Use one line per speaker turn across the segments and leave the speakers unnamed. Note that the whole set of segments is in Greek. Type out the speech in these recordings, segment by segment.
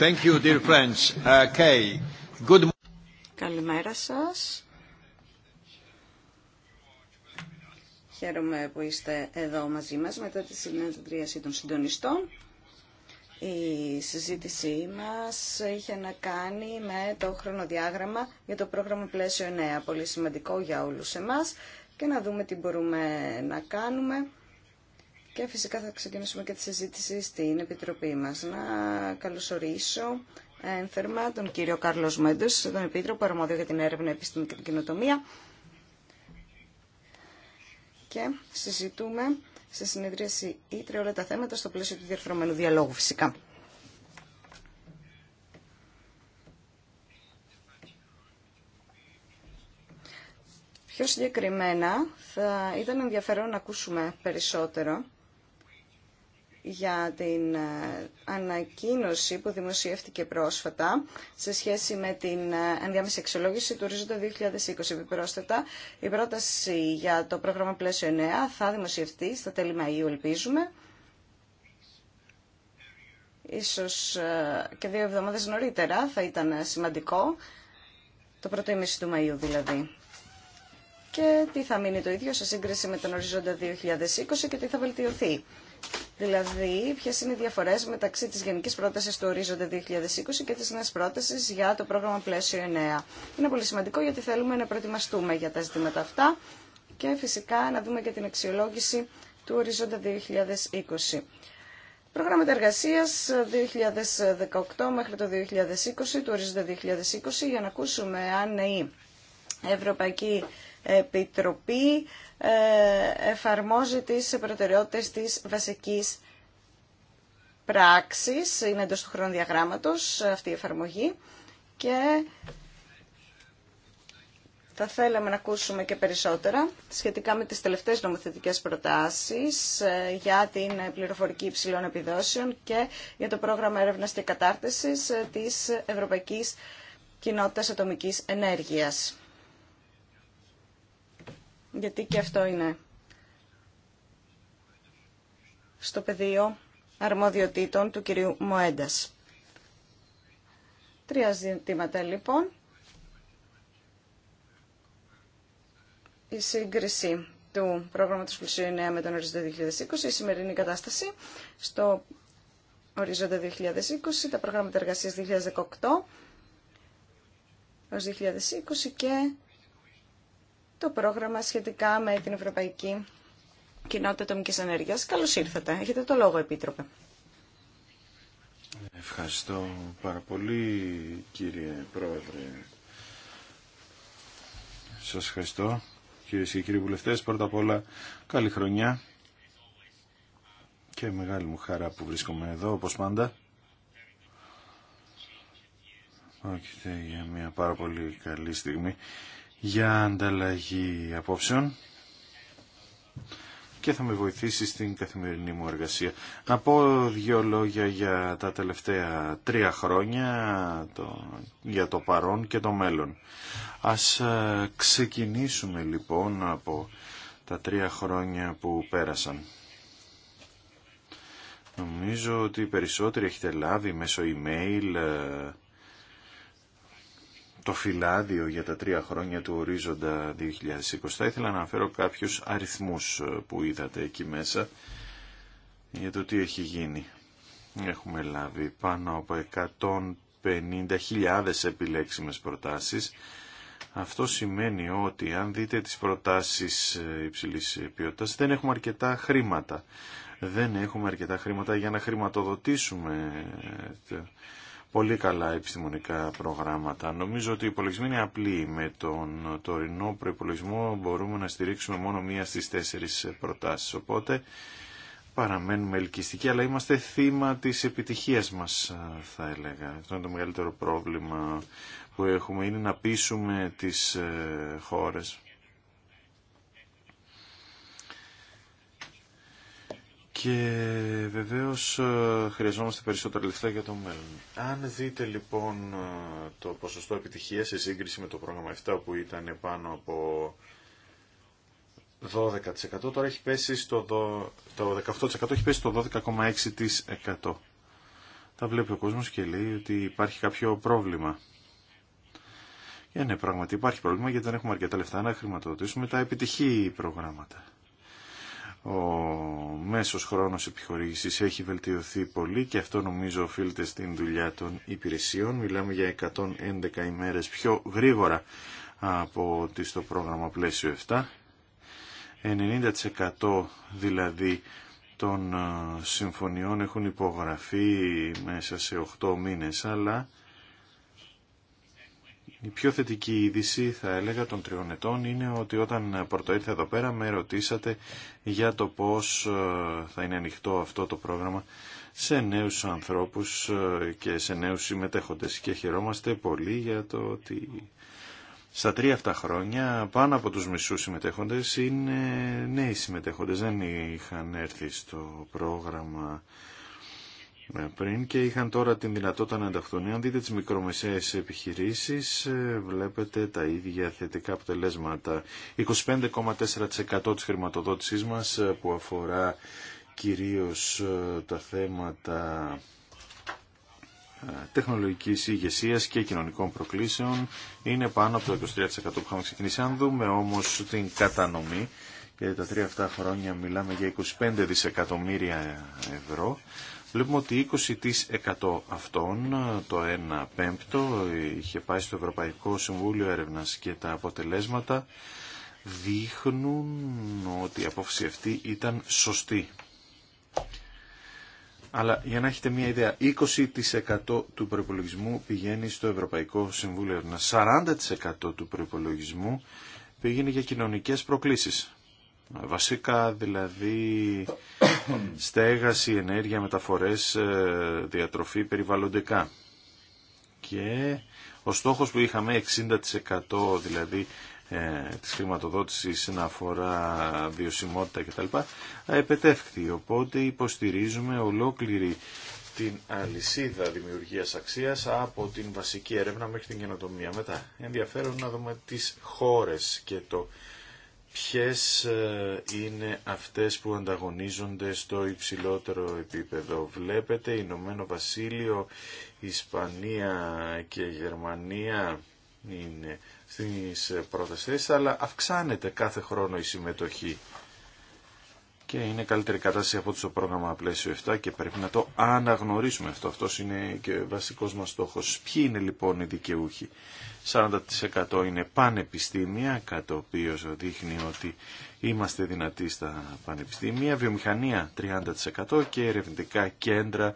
Uh,
Καλημέρα σας. Χαίρομαι που είστε εδώ μαζί μας μετά τη συνεδρίαση των συντονιστών. Η συζήτησή μας είχε να κάνει με το χρονοδιάγραμμα για το πρόγραμμα Πλαίσιο 9, πολύ σημαντικό για όλους εμάς, και να δούμε τι μπορούμε να κάνουμε και φυσικά θα ξεκινήσουμε και τη συζήτηση στην Επιτροπή μας. Να καλωσορίσω ένθερμα τον κύριο Κάρλος Μέντος, τον Επίτροπο Αρμόδιο για την Έρευνα, Επιστήμη και την Κοινοτομία. Και συζητούμε σε συνεδρίαση Ήτρε όλα τα θέματα στο πλαίσιο του διαρθρωμένου διαλόγου φυσικά. Πιο συγκεκριμένα θα ήταν ενδιαφέρον να ακούσουμε περισσότερο για την ε, ανακοίνωση που δημοσιεύτηκε πρόσφατα σε σχέση με την ε, ενδιάμεση αξιολόγηση του ορίζοντα 2020. Επιπρόσθετα, η πρόταση για το πρόγραμμα πλαίσιο 9 θα δημοσιευτεί στα τέλη Μαΐου, ελπίζουμε. Ίσως ε, και δύο εβδομάδες νωρίτερα θα ήταν σημαντικό, το πρώτο ημίση του Μαΐου δηλαδή και τι θα μείνει το ίδιο σε σύγκριση με τον οριζόντα 2020 και τι θα βελτιωθεί. Δηλαδή, ποιε είναι οι διαφορέ μεταξύ τη γενική πρόταση του Ορίζοντα 2020 και τη νέα πρόταση για το πρόγραμμα Πλαίσιο 9. Είναι πολύ σημαντικό γιατί θέλουμε να προετοιμαστούμε για τα ζητήματα αυτά και φυσικά να δούμε και την αξιολόγηση του Ορίζοντα 2020. Πρόγραμμα εργασία 2018 μέχρι το 2020, του Ορίζοντα 2020, για να ακούσουμε αν η Ευρωπαϊκή Επιτροπή ε, εφαρμόζει τις προτεραιότητες της βασικής πράξης, είναι εντός του χρονοδιαγράμματος ε, αυτή η εφαρμογή και θα θέλαμε να ακούσουμε και περισσότερα σχετικά με τις τελευταίες νομοθετικές προτάσεις ε, για την πληροφορική υψηλών επιδόσεων και για το πρόγραμμα έρευνας και κατάρτισης της Ευρωπαϊκής Κοινότητας Ατομικής Ενέργειας γιατί και αυτό είναι στο πεδίο αρμοδιοτήτων του κυρίου Μοέντας. Τρία ζητήματα λοιπόν. Η σύγκριση του πρόγραμματος Πλησίου 9 με τον ορίζοντα 2020, η σημερινή κατάσταση στο ορίζοντα 2020, τα προγράμματα εργασίας 2018 ως 2020 και το πρόγραμμα σχετικά με την Ευρωπαϊκή Κοινότητα Ατομική Ενέργεια. Καλώς ήρθατε. Έχετε το λόγο, Επίτροπε.
Ευχαριστώ πάρα πολύ, κύριε Πρόεδρε. Σας ευχαριστώ, κύριε και κύριοι βουλευτές. Πρώτα απ' όλα, καλή χρονιά και μεγάλη μου χαρά που βρίσκομαι εδώ, όπως πάντα. Πρόκειται για μια πάρα πολύ καλή στιγμή για ανταλλαγή απόψεων και θα με βοηθήσει στην καθημερινή μου εργασία. Να πω δύο λόγια για τα τελευταία τρία χρόνια, για το παρόν και το μέλλον. Ας ε, ξεκινήσουμε λοιπόν από τα τρία χρόνια που πέρασαν. Νομίζω ότι περισσότεροι έχετε λάβει μέσω email ε, το φυλάδιο για τα τρία χρόνια του ορίζοντα 2020. Θα ήθελα να αναφέρω κάποιους αριθμούς ε, που είδατε εκεί μέσα για το τι έχει γίνει. Έχουμε λάβει πάνω από 150.000 επιλέξιμες προτάσεις. Αυτό σημαίνει ότι αν δείτε τις προτάσεις ε, υψηλής ποιότητας δεν έχουμε αρκετά χρήματα. Δεν έχουμε αρκετά χρήματα για να χρηματοδοτήσουμε ε, πολύ καλά επιστημονικά προγράμματα. Νομίζω ότι οι υπολογισμοί είναι απλοί. Με τον τωρινό προπολογισμό μπορούμε να στηρίξουμε μόνο μία στις τέσσερις προτάσεις. Οπότε παραμένουμε ελκυστικοί, αλλά είμαστε θύμα της επιτυχίας μας, θα έλεγα. Αυτό είναι το μεγαλύτερο πρόβλημα που έχουμε, είναι να πείσουμε τις ε, χώρες Και βεβαίως ε, χρειαζόμαστε περισσότερα λεφτά για το μέλλον. Αν δείτε λοιπόν ε, το ποσοστό επιτυχίας σε σύγκριση με το πρόγραμμα 7 που ήταν πάνω από 12% τώρα έχει πέσει στο το 18% έχει πέσει στο 12,6%. Τα βλέπει ο κόσμος και λέει ότι υπάρχει κάποιο πρόβλημα. Και ε, ναι, πράγματι υπάρχει πρόβλημα γιατί δεν έχουμε αρκετά λεφτά να χρηματοδοτήσουμε τα επιτυχή προγράμματα. Ο μέσος χρόνος επιχορήγησης έχει βελτιωθεί πολύ και αυτό νομίζω οφείλεται στην δουλειά των υπηρεσιών. Μιλάμε για 111 ημέρες πιο γρήγορα από ότι στο πρόγραμμα πλαίσιο 7. 90% δηλαδή των ε, συμφωνιών έχουν υπογραφεί μέσα σε 8 μήνες, αλλά η πιο θετική είδηση, θα έλεγα, των τριών ετών είναι ότι όταν πρώτο ήρθα εδώ πέρα με ρωτήσατε για το πώς ε, θα είναι ανοιχτό αυτό το πρόγραμμα σε νέους ανθρώπους ε, και σε νέους συμμετέχοντες και χαιρόμαστε πολύ για το ότι στα τρία αυτά χρόνια πάνω από τους μισούς συμμετέχοντες είναι νέοι συμμετέχοντες, δεν είχαν έρθει στο πρόγραμμα πριν και είχαν τώρα την δυνατότητα να ενταχθούν. Αν δείτε τις μικρομεσαίες επιχειρήσεις ε, βλέπετε τα ίδια θετικά αποτελέσματα. 25,4% της χρηματοδότησής μας ε, που αφορά κυρίως ε, τα θέματα τεχνολογικής ηγεσία και κοινωνικών προκλήσεων είναι πάνω από το 23% που είχαμε ξεκινήσει. Αν δούμε όμως την κατανομή, γιατί τα τρία αυτά χρόνια μιλάμε για 25 δισεκατομμύρια ευρώ, Βλέπουμε ότι 20% αυτών, το 1 πέμπτο, είχε πάει στο Ευρωπαϊκό Συμβούλιο Έρευνας και τα αποτελέσματα δείχνουν ότι η απόφαση αυτή ήταν σωστή. Αλλά για να έχετε μια ιδέα, 20% του προϋπολογισμού πηγαίνει στο Ευρωπαϊκό Συμβούλιο Έρευνας. 40% του προϋπολογισμού πήγαινε για κοινωνικές προκλήσεις βασικά δηλαδή στέγαση, ενέργεια, μεταφορές, ε, διατροφή, περιβαλλοντικά. Και ο στόχος που είχαμε 60% δηλαδή ε, της χρηματοδότησης να αφορά βιωσιμότητα κτλ. επετεύχθη. Οπότε υποστηρίζουμε ολόκληρη την αλυσίδα δημιουργίας αξίας από την βασική έρευνα μέχρι την καινοτομία. Μετά ενδιαφέρον να δούμε τις χώρες και το ποιες ε, είναι αυτές που ανταγωνίζονται στο υψηλότερο επίπεδο. Βλέπετε Ηνωμένο Βασίλειο, Ισπανία και Γερμανία είναι στις πρώτες θέσεις, αλλά αυξάνεται κάθε χρόνο η συμμετοχή και είναι καλύτερη κατάσταση από το πρόγραμμα πλαίσιο 7 και πρέπει να το αναγνωρίσουμε αυτό. Αυτός είναι και βασικός μας στόχος. Ποιοι είναι λοιπόν οι δικαιούχοι. 40% είναι πανεπιστήμια, κατά το οποίο δείχνει ότι είμαστε δυνατοί στα πανεπιστήμια, βιομηχανία 30% και ερευνητικά κέντρα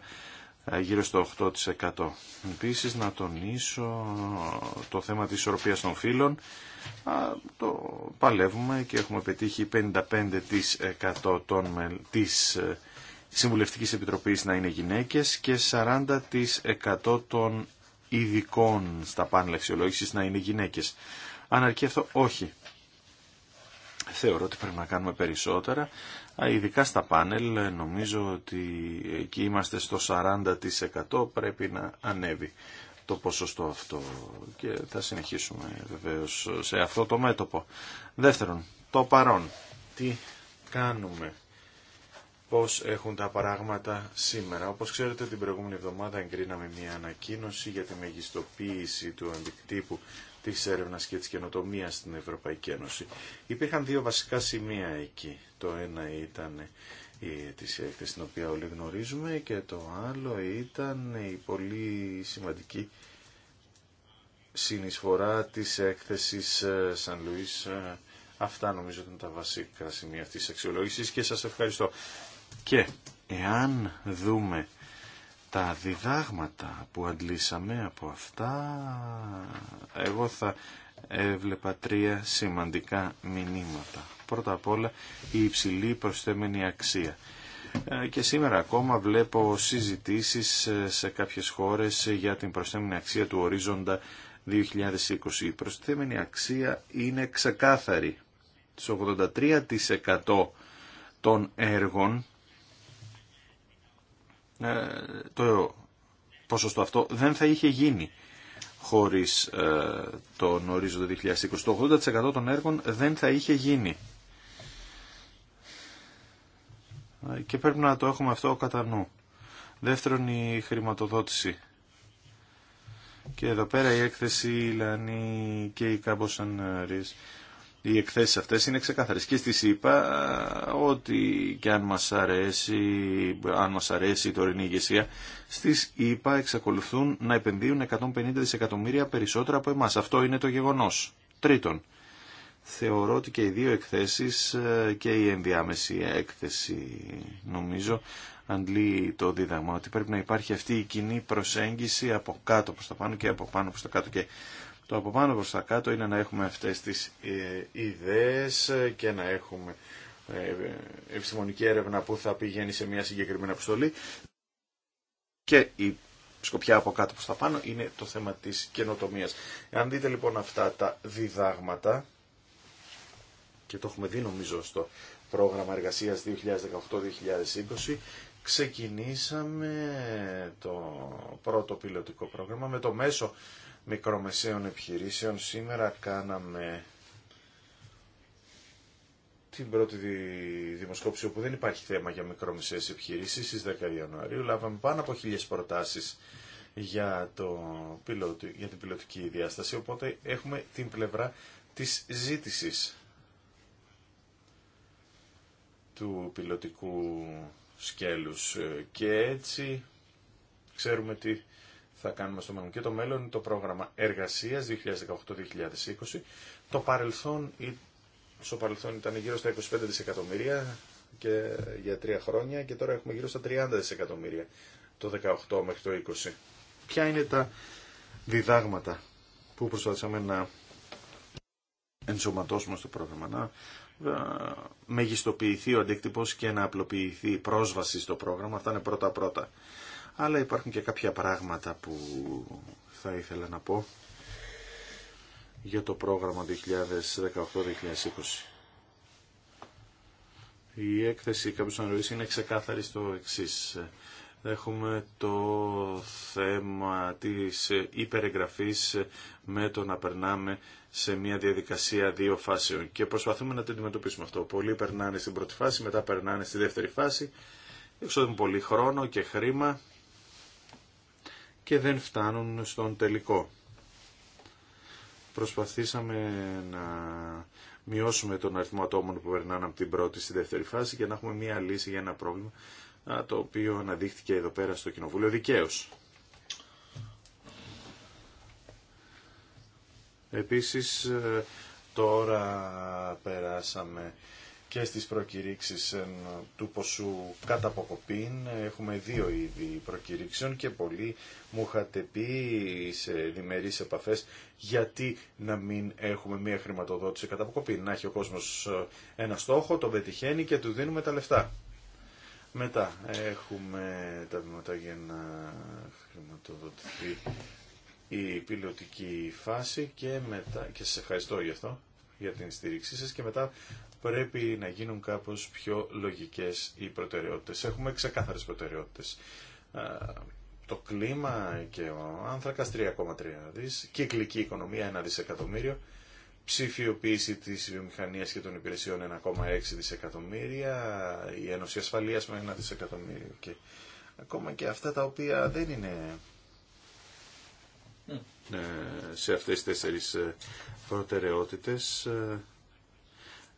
ε, γύρω στο 8%. Επίσης να τονίσω το θέμα της ισορροπίας των φύλων. Το παλεύουμε και έχουμε πετύχει 55% των, της ε, Συμβουλευτικής Επιτροπής να είναι γυναίκες και 40% των ειδικών στα πάνελ αξιολόγηση να είναι γυναίκες. Αν αρκεί αυτό, όχι. Θεωρώ ότι πρέπει να κάνουμε περισσότερα. Ειδικά στα πάνελ νομίζω ότι εκεί είμαστε στο 40% πρέπει να ανέβει το ποσοστό αυτό και θα συνεχίσουμε βεβαίως σε αυτό το μέτωπο. Δεύτερον, το παρόν. Τι κάνουμε πώς έχουν τα πράγματα σήμερα. Όπως ξέρετε, την προηγούμενη εβδομάδα εγκρίναμε μια ανακοίνωση για τη μεγιστοποίηση του αντικτύπου της έρευνας και της καινοτομίας στην Ευρωπαϊκή Ένωση. Υπήρχαν δύο βασικά σημεία εκεί. Το ένα ήταν η έκθεση την οποία όλοι γνωρίζουμε και το άλλο ήταν η πολύ σημαντική συνεισφορά της έκθεσης ε, Σαν Λουίς ε, Αυτά νομίζω ήταν τα βασικά σημεία αυτής της αξιολόγησης και σας ευχαριστώ. Και εάν δούμε τα διδάγματα που αντλήσαμε από αυτά, εγώ θα έβλεπα τρία σημαντικά μηνύματα. Πρώτα απ' όλα η υψηλή προσθέμενη αξία. Ε, και σήμερα ακόμα βλέπω συζητήσεις ε, σε κάποιες χώρες για την προσθέμενη αξία του ορίζοντα 2020. Η προσθέμενη αξία είναι ξεκάθαρη. Στο 83% των έργων ε, το ποσοστό αυτό δεν θα είχε γίνει χωρίς ε, τον ορίζοντα 2020. Το 80% των έργων δεν θα είχε γίνει. Ε, και πρέπει να το έχουμε αυτό κατά νου. Δεύτερον, η χρηματοδότηση. Και εδώ πέρα η έκθεση, η Λανή και η Κάμπος Ανρίς οι εκθέσεις αυτές είναι ξεκάθαρες και στις είπα ότι και αν μας αρέσει, αν μας αρέσει η τωρινή ηγεσία στις είπα εξακολουθούν να επενδύουν 150 δισεκατομμύρια περισσότερα από εμάς. Αυτό είναι το γεγονός. Τρίτον, θεωρώ ότι και οι δύο εκθέσεις και η ενδιάμεση έκθεση νομίζω αντλεί το δίδαγμα ότι πρέπει να υπάρχει αυτή η κοινή προσέγγιση από κάτω προς τα πάνω και από πάνω προς τα κάτω και το από πάνω προς τα κάτω είναι να έχουμε αυτές τις ε, ιδέες και να έχουμε ε, επιστημονική έρευνα που θα πηγαίνει σε μια συγκεκριμένη αποστολή και η σκοπιά από κάτω προς τα πάνω είναι το θέμα της καινοτομίας. Αν δείτε λοιπόν αυτά τα διδάγματα και το έχουμε δει νομίζω στο πρόγραμμα εργασίας 2018-2020 ξεκινήσαμε το πρώτο πιλωτικό πρόγραμμα με το μέσο μικρομεσαίων επιχειρήσεων. Σήμερα κάναμε την πρώτη δημοσκόπηση όπου δεν υπάρχει θέμα για μικρομεσαίες επιχειρήσεις στις 10 Ιανουαρίου. Λάβαμε πάνω από χίλιες προτάσεις για, το, για την πιλωτική διάσταση, οπότε έχουμε την πλευρά της ζήτησης του πιλωτικού σκέλους ε, και έτσι ξέρουμε τι θα κάνουμε στο μέλλον. Και το μέλλον είναι το προγραμμα εργασια εργασίας 2018-2020. Το παρελθόν, στο παρελθόν ήταν γύρω στα 25 δισεκατομμύρια και για τρία χρόνια και τώρα έχουμε γύρω στα 30 δισεκατομμύρια το 2018 μέχρι το 2020. Ποια είναι τα διδάγματα που προσπαθήσαμε να ενσωματώσουμε στο πρόγραμμα, να μεγιστοποιηθεί ο αντίκτυπος και να απλοποιηθεί η πρόσβαση στο πρόγραμμα. Αυτά είναι πρώτα-πρώτα αλλά υπάρχουν και κάποια πράγματα που θα ήθελα να πω για το πρόγραμμα 2018-2020. Η έκθεση να ρωτήσει, είναι ξεκάθαρη στο εξή. Έχουμε το θέμα της υπερεγγραφής με το να περνάμε σε μια διαδικασία δύο φάσεων και προσπαθούμε να το αντιμετωπίσουμε αυτό. Πολλοί περνάνε στην πρώτη φάση, μετά περνάνε στη δεύτερη φάση, εξόδουν πολύ χρόνο και χρήμα και δεν φτάνουν στον τελικό. Προσπαθήσαμε να μειώσουμε τον αριθμό ατόμων που περνάνε από την πρώτη στη δεύτερη φάση και να έχουμε μία λύση για ένα πρόβλημα το οποίο αναδείχθηκε εδώ πέρα στο Κοινοβούλιο δικαίω. Επίσης ε, τώρα περάσαμε και στις προκηρύξεις ε, του ποσού κατά Έχουμε δύο είδη προκηρύξεων και πολλοί μου είχατε πει σε διμερείς επαφές γιατί να μην έχουμε μία χρηματοδότηση κατά αποκοπήν. Να έχει ο κόσμος ε, ένα στόχο, τον πετυχαίνει και του δίνουμε τα λεφτά. Μετά έχουμε τα βήματα για να χρηματοδοτηθεί η πιλωτική φάση και μετά, και σας ευχαριστώ γι' αυτό, για την στήριξή σας και μετά πρέπει να γίνουν κάπως πιο λογικές οι προτεραιότητες. Έχουμε ξεκάθαρες προτεραιότητες. Το κλίμα και ο άνθρακας 3,3 δις, κυκλική οικονομία 1 δισεκατομμύριο, ψηφιοποίηση της βιομηχανίας και των υπηρεσιών 1,6 δισεκατομμύρια, η Ένωση Ασφαλείας με 1 δισεκατομμύριο και ακόμα και αυτά τα οποία δεν είναι ε, σε αυτές τις τέσσερις ε, προτεραιότητες ε,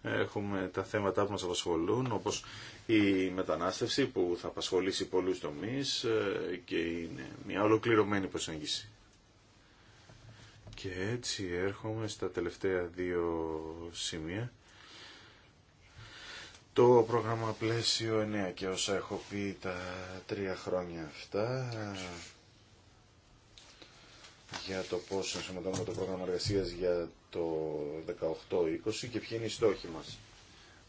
Έχουμε τα θέματα που μας απασχολούν, όπως η μετανάστευση που θα απασχολήσει πολλούς τομείς ε, και είναι μια ολοκληρωμένη προσέγγιση. Και έτσι έρχομαι στα τελευταία δύο σημεία. Το πρόγραμμα πλαίσιο 9 και όσα έχω πει τα τρία χρόνια αυτά για το πώς ενσωματώνουμε το πρόγραμμα εργασίας για το 18-20 και ποιοι είναι οι στόχοι μας.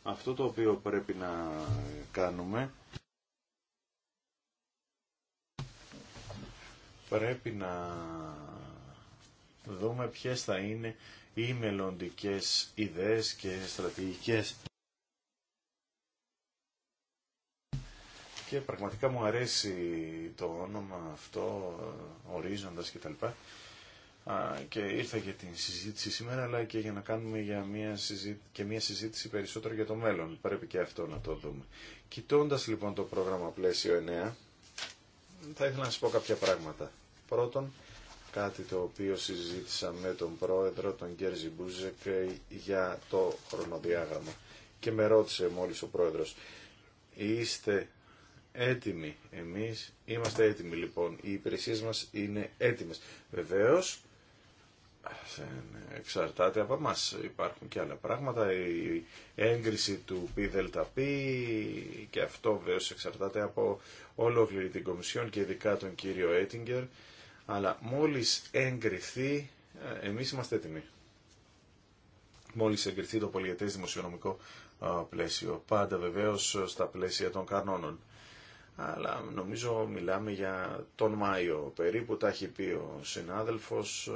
Αυτό το οποίο πρέπει να κάνουμε πρέπει να δούμε ποιες θα είναι οι μελλοντικές ιδέες και στρατηγικές και πραγματικά μου αρέσει το όνομα αυτό, ορίζοντας κτλ. Και ήρθα για την συζήτηση σήμερα, αλλά και για να κάνουμε για μια και μια συζήτηση περισσότερο για το μέλλον. Πρέπει και αυτό να το δούμε. Κοιτώντας λοιπόν το πρόγραμμα πλαίσιο 9, θα ήθελα να σας πω κάποια πράγματα. Πρώτον, κάτι το οποίο συζήτησα με τον πρόεδρο, τον Γκέρζι Μπούζεκ, για το χρονοδιάγραμμα. Και με ρώτησε μόλις ο πρόεδρος, είστε έτοιμοι. Εμείς είμαστε έτοιμοι λοιπόν. Οι υπηρεσίες μας είναι έτοιμες. Βεβαίως, εξαρτάται από μας. Υπάρχουν και άλλα πράγματα. Η έγκριση του ΠΔΠ και αυτό βεβαίω εξαρτάται από ολόκληρη την Κομισιόν και ειδικά τον κύριο Έτιγκερ. Αλλά μόλις εγκριθεί, εμείς είμαστε έτοιμοι. Μόλις εγκριθεί το πολιτεύσιο δημοσιονομικό πλαίσιο. Πάντα βεβαίως στα πλαίσια των κανόνων αλλά νομίζω μιλάμε για τον Μάιο περίπου, τα έχει πει ο συνάδελφος.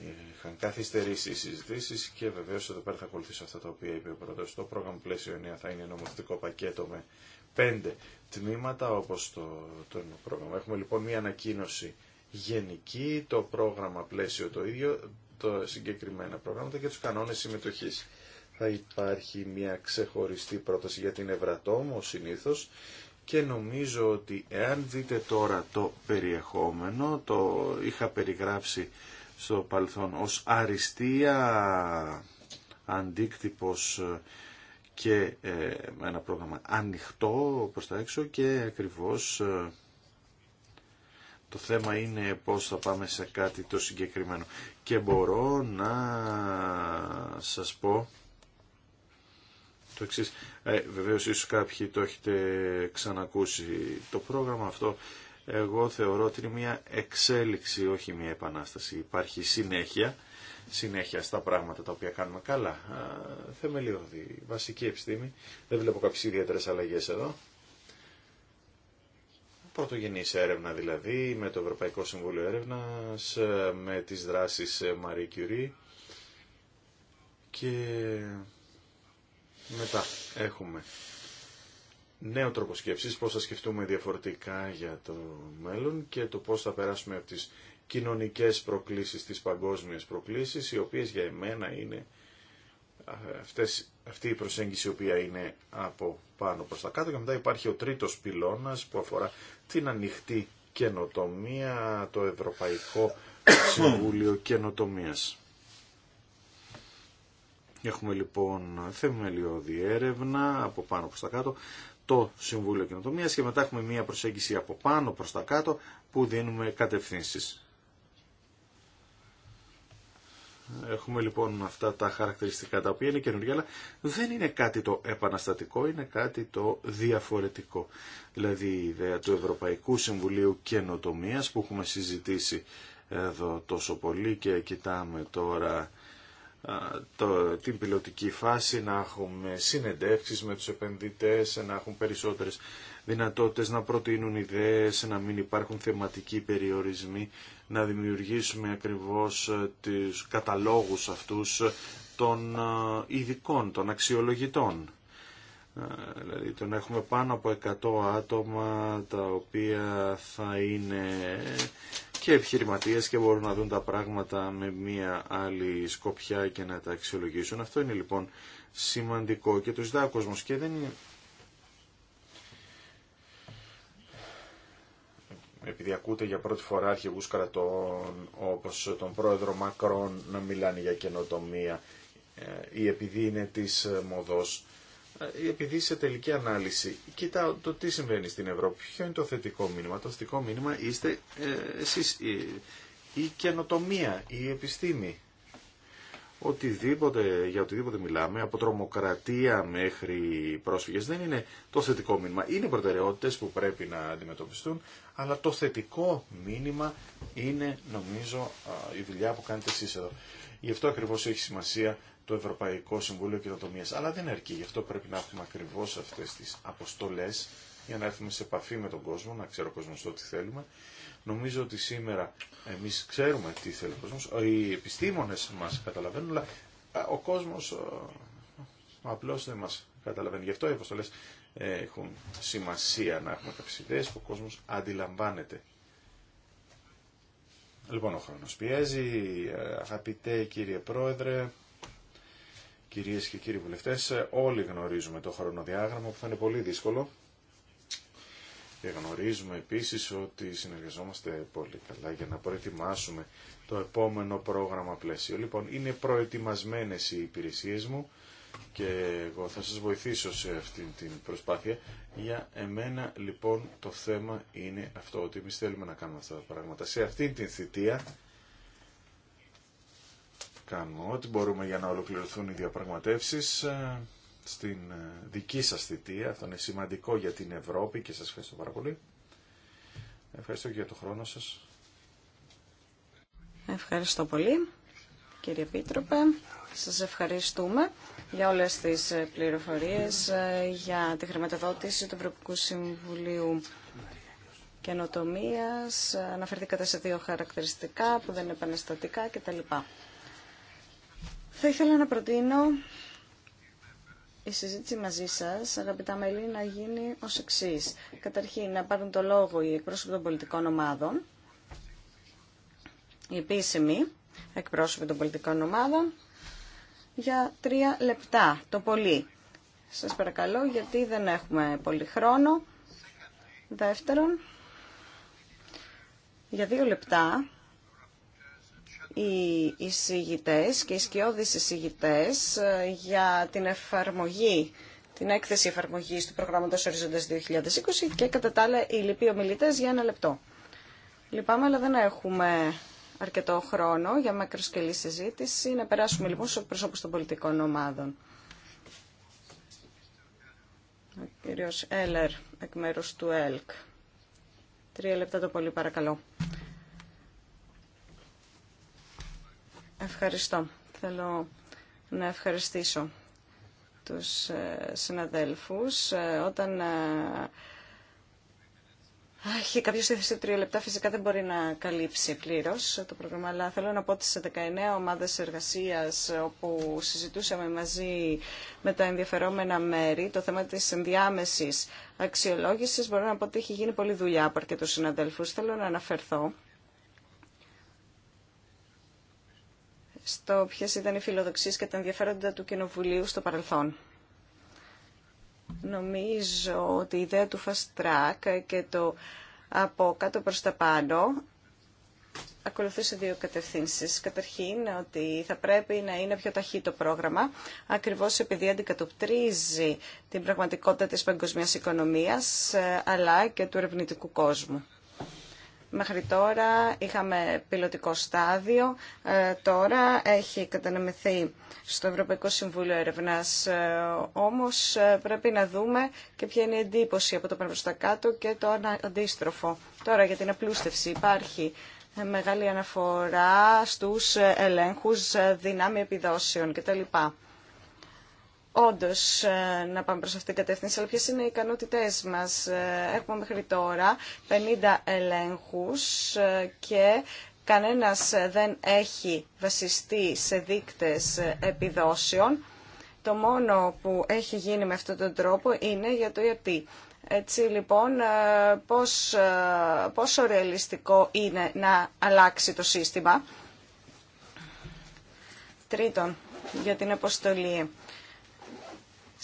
Ε, είχαν καθυστερήσει οι συζητήσει και βεβαίω εδώ πέρα θα ακολουθήσω αυτά τα οποία είπε ο πρόεδρο. Το πρόγραμμα πλαίσιο 9 θα είναι νομοθετικό πακέτο με πέντε τμήματα όπω το, το πρόγραμμα. Έχουμε λοιπόν μία ανακοίνωση γενική, το πρόγραμμα πλαίσιο το ίδιο, το συγκεκριμένα πρόγραμματα και του κανόνε συμμετοχή θα υπάρχει μια ξεχωριστή πρόταση για την ευρατόμο συνήθως, και νομίζω ότι εάν δείτε τώρα το περιεχόμενο, το είχα περιγράψει στο παρελθόν ως αριστεία, αντίκτυπος ε, και ε, ένα πρόγραμμα ανοιχτό προς τα έξω και ακριβώς ε, το θέμα είναι πώς θα πάμε σε κάτι το συγκεκριμένο. Και μπορώ να σας πω το εξή. Ε, βεβαίως ίσως κάποιοι το έχετε ξανακούσει. Το πρόγραμμα αυτό εγώ θεωρώ ότι είναι μια εξέλιξη, όχι μια επανάσταση. Υπάρχει συνέχεια, συνέχεια στα πράγματα τα οποία κάνουμε καλά. θεμελιώδη, βασική επιστήμη. Δεν βλέπω κάποιε ιδιαίτερε αλλαγέ εδώ. Πρωτογενής έρευνα δηλαδή, με το Ευρωπαϊκό Συμβούλιο Έρευνα, ε, με τις δράσεις ε, Marie Curie και μετά έχουμε νέο τρόπο σκέψης, πώ θα σκεφτούμε διαφορετικά για το μέλλον και το πώς θα περάσουμε από τι κοινωνικές προκλήσεις, τι παγκόσμιες προκλήσεις, οι οποίες για εμένα είναι αυτές, αυτή η προσέγγιση η οποία είναι από πάνω προς τα κάτω και μετά υπάρχει ο τρίτος πυλώνας που αφορά την ανοιχτή καινοτομία, το Ευρωπαϊκό Συμβούλιο Καινοτομίας. Έχουμε λοιπόν θεμελιώδη έρευνα από πάνω προς τα κάτω, το Συμβούλιο καινοτομία και μετά έχουμε μία προσέγγιση από πάνω προς τα κάτω που δίνουμε κατευθύνσεις. Έχουμε λοιπόν αυτά τα χαρακτηριστικά τα οποία είναι καινούργια, αλλά δεν είναι κάτι το επαναστατικό, είναι κάτι το διαφορετικό. Δηλαδή η ιδέα του Ευρωπαϊκού Συμβουλίου καινοτομία που έχουμε συζητήσει εδώ τόσο πολύ και κοιτάμε τώρα το, την πιλωτική φάση, να έχουμε συνεντεύξεις με τους επενδυτές, να έχουν περισσότερες δυνατότητες να προτείνουν ιδέες, να μην υπάρχουν θεματικοί περιορισμοί, να δημιουργήσουμε ακριβώς ε, τους καταλόγους αυτούς ε, των ε, ειδικών, των αξιολογητών. Δηλαδή τον έχουμε πάνω από 100 άτομα τα οποία θα είναι και επιχειρηματίε και μπορούν να δουν τα πράγματα με μία άλλη σκοπιά και να τα αξιολογήσουν. Αυτό είναι λοιπόν σημαντικό και τους ο κόσμο. και δεν επειδή ακούτε για πρώτη φορά αρχηγού κρατών όπω τον πρόεδρο Μακρόν να μιλάνε για καινοτομία ε, ή επειδή είναι τη ε, μοδός ε, επειδή σε τελική ανάλυση κοιτάω το τι συμβαίνει στην Ευρώπη, ποιο είναι το θετικό μήνυμα. Το θετικό μήνυμα είστε ε, εσείς η, η καινοτομία, η επιστήμη. Οτιδήποτε, για οτιδήποτε μιλάμε, από τρομοκρατία μέχρι πρόσφυγες, δεν είναι το θετικό μήνυμα. Είναι προτεραιότητες που πρέπει να αντιμετωπιστούν, αλλά το θετικό μήνυμα είναι, νομίζω, η δουλειά που κάνετε εσείς εδώ. Γι' αυτό ακριβώς έχει σημασία το Ευρωπαϊκό Συμβούλιο Κοινοτομίας. Αλλά δεν αρκεί, γι' αυτό πρέπει να έχουμε ακριβώς αυτές τις αποστολές για να έρθουμε σε επαφή με τον κόσμο, να ξέρει ο κόσμος το τι θέλουμε. Νομίζω ότι σήμερα εμείς ξέρουμε τι θέλει ο κόσμος, οι επιστήμονες μας καταλαβαίνουν, αλλά ο κόσμος απλώς δεν μας καταλαβαίνει. Γι' αυτό οι αποστολές ε, έχουν σημασία να έχουμε κάποιες ιδέες που ο κόσμος αντιλαμβάνεται. Λοιπόν, ο χρόνος πιέζει. Ε, αγαπητέ κύριε Πρόεδρε, Κυρίες και κύριοι βουλευτές, όλοι γνωρίζουμε το χρονοδιάγραμμα που θα είναι πολύ δύσκολο και γνωρίζουμε επίσης ότι συνεργαζόμαστε πολύ καλά για να προετοιμάσουμε το επόμενο πρόγραμμα πλαίσιο. Λοιπόν, είναι προετοιμασμένες οι υπηρεσίες μου και εγώ θα σας βοηθήσω σε αυτή την προσπάθεια. Για εμένα λοιπόν το θέμα είναι αυτό ότι εμεί θέλουμε να κάνουμε αυτά τα πράγματα. Σε αυτή την θητεία κάνουμε ό,τι μπορούμε για να ολοκληρωθούν οι διαπραγματεύσεις ε, στην ε, δική σας θητεία. Αυτό είναι σημαντικό για την Ευρώπη και σας ευχαριστώ πάρα πολύ. Ευχαριστώ και για το χρόνο
σας. Ευχαριστώ πολύ κύριε Πίτροπε. Σας ευχαριστούμε για όλες τις ε, πληροφορίες για τη χρηματοδότηση του Ευρωπαϊκού Συμβουλίου Καινοτομίας. Αναφερθήκατε σε δύο χαρακτηριστικά που δεν είναι επαναστατικά κτλ. Θα ήθελα να προτείνω η συζήτηση μαζί σας, αγαπητά μέλη, να γίνει ως εξή. Καταρχήν, να πάρουν το λόγο οι εκπρόσωποι των πολιτικών ομάδων, οι επίσημοι εκπρόσωποι των πολιτικών ομάδων, για τρία λεπτά το πολύ. Σας παρακαλώ, γιατί δεν έχουμε πολύ χρόνο. Δεύτερον, για δύο λεπτά οι εισηγητές και οι σκιώδεις εισηγητές ε, για την εφαρμογή την έκθεση εφαρμογή του προγράμματο Οριζόντα 2020 και κατά τα άλλα οι λοιποί ομιλητέ για ένα λεπτό. Λυπάμαι, αλλά δεν έχουμε αρκετό χρόνο για μακροσκελή συζήτηση. Να περάσουμε λοιπόν στου προσώπου των πολιτικών ομάδων. Ο κύριο Έλερ, εκ μέρου του ΕΛΚ. Τρία λεπτά το πολύ, παρακαλώ. Ευχαριστώ. Θέλω να ευχαριστήσω τους ε, συναδέλφους. Ε, όταν ε, έχει κάποιο στη θέση τρία λεπτά, φυσικά δεν μπορεί να καλύψει πλήρως το πρόγραμμα. Αλλά θέλω να πω ότι σε 19 ομάδε εργασία, όπου συζητούσαμε μαζί με τα ενδιαφερόμενα μέρη το θέμα τη ενδιάμεση αξιολόγηση, μπορώ να πω ότι έχει γίνει πολλή δουλειά από αρκετού συναδέλφου. Θέλω να αναφερθώ στο ποιε ήταν οι φιλοδοξίε και τα ενδιαφέροντα του Κοινοβουλίου στο παρελθόν. Νομίζω ότι η ιδέα του fast track και το από κάτω προς τα πάνω ακολουθεί σε δύο κατευθύνσεις. Καταρχήν ότι θα πρέπει να είναι πιο ταχύ το πρόγραμμα, ακριβώς επειδή αντικατοπτρίζει την πραγματικότητα της παγκοσμίας οικονομίας, ε, αλλά και του ερευνητικού κόσμου. Μέχρι τώρα είχαμε πιλωτικό στάδιο, ε, τώρα έχει κατανεμηθεί στο Ευρωπαϊκό Συμβούλιο Ερευνάς. Ε, όμως ε, πρέπει να δούμε και ποια είναι η εντύπωση από το πάνω προς τα κάτω και το αντίστροφο. Τώρα για την απλούστευση υπάρχει μεγάλη αναφορά στους ελέγχους δυνάμει επιδόσεων κτλ όντω ε, να πάμε προ αυτήν την κατεύθυνση. Αλλά ποιε είναι οι ικανότητέ μα. Ε, έχουμε μέχρι τώρα 50 ελέγχου ε, και κανένας δεν έχει βασιστεί σε δείκτες επιδόσεων. Το μόνο που έχει γίνει με αυτόν τον τρόπο είναι για το γιατί. Έτσι λοιπόν, πώς, πόσο ρεαλιστικό είναι να αλλάξει το σύστημα. Τρίτον, για την αποστολή.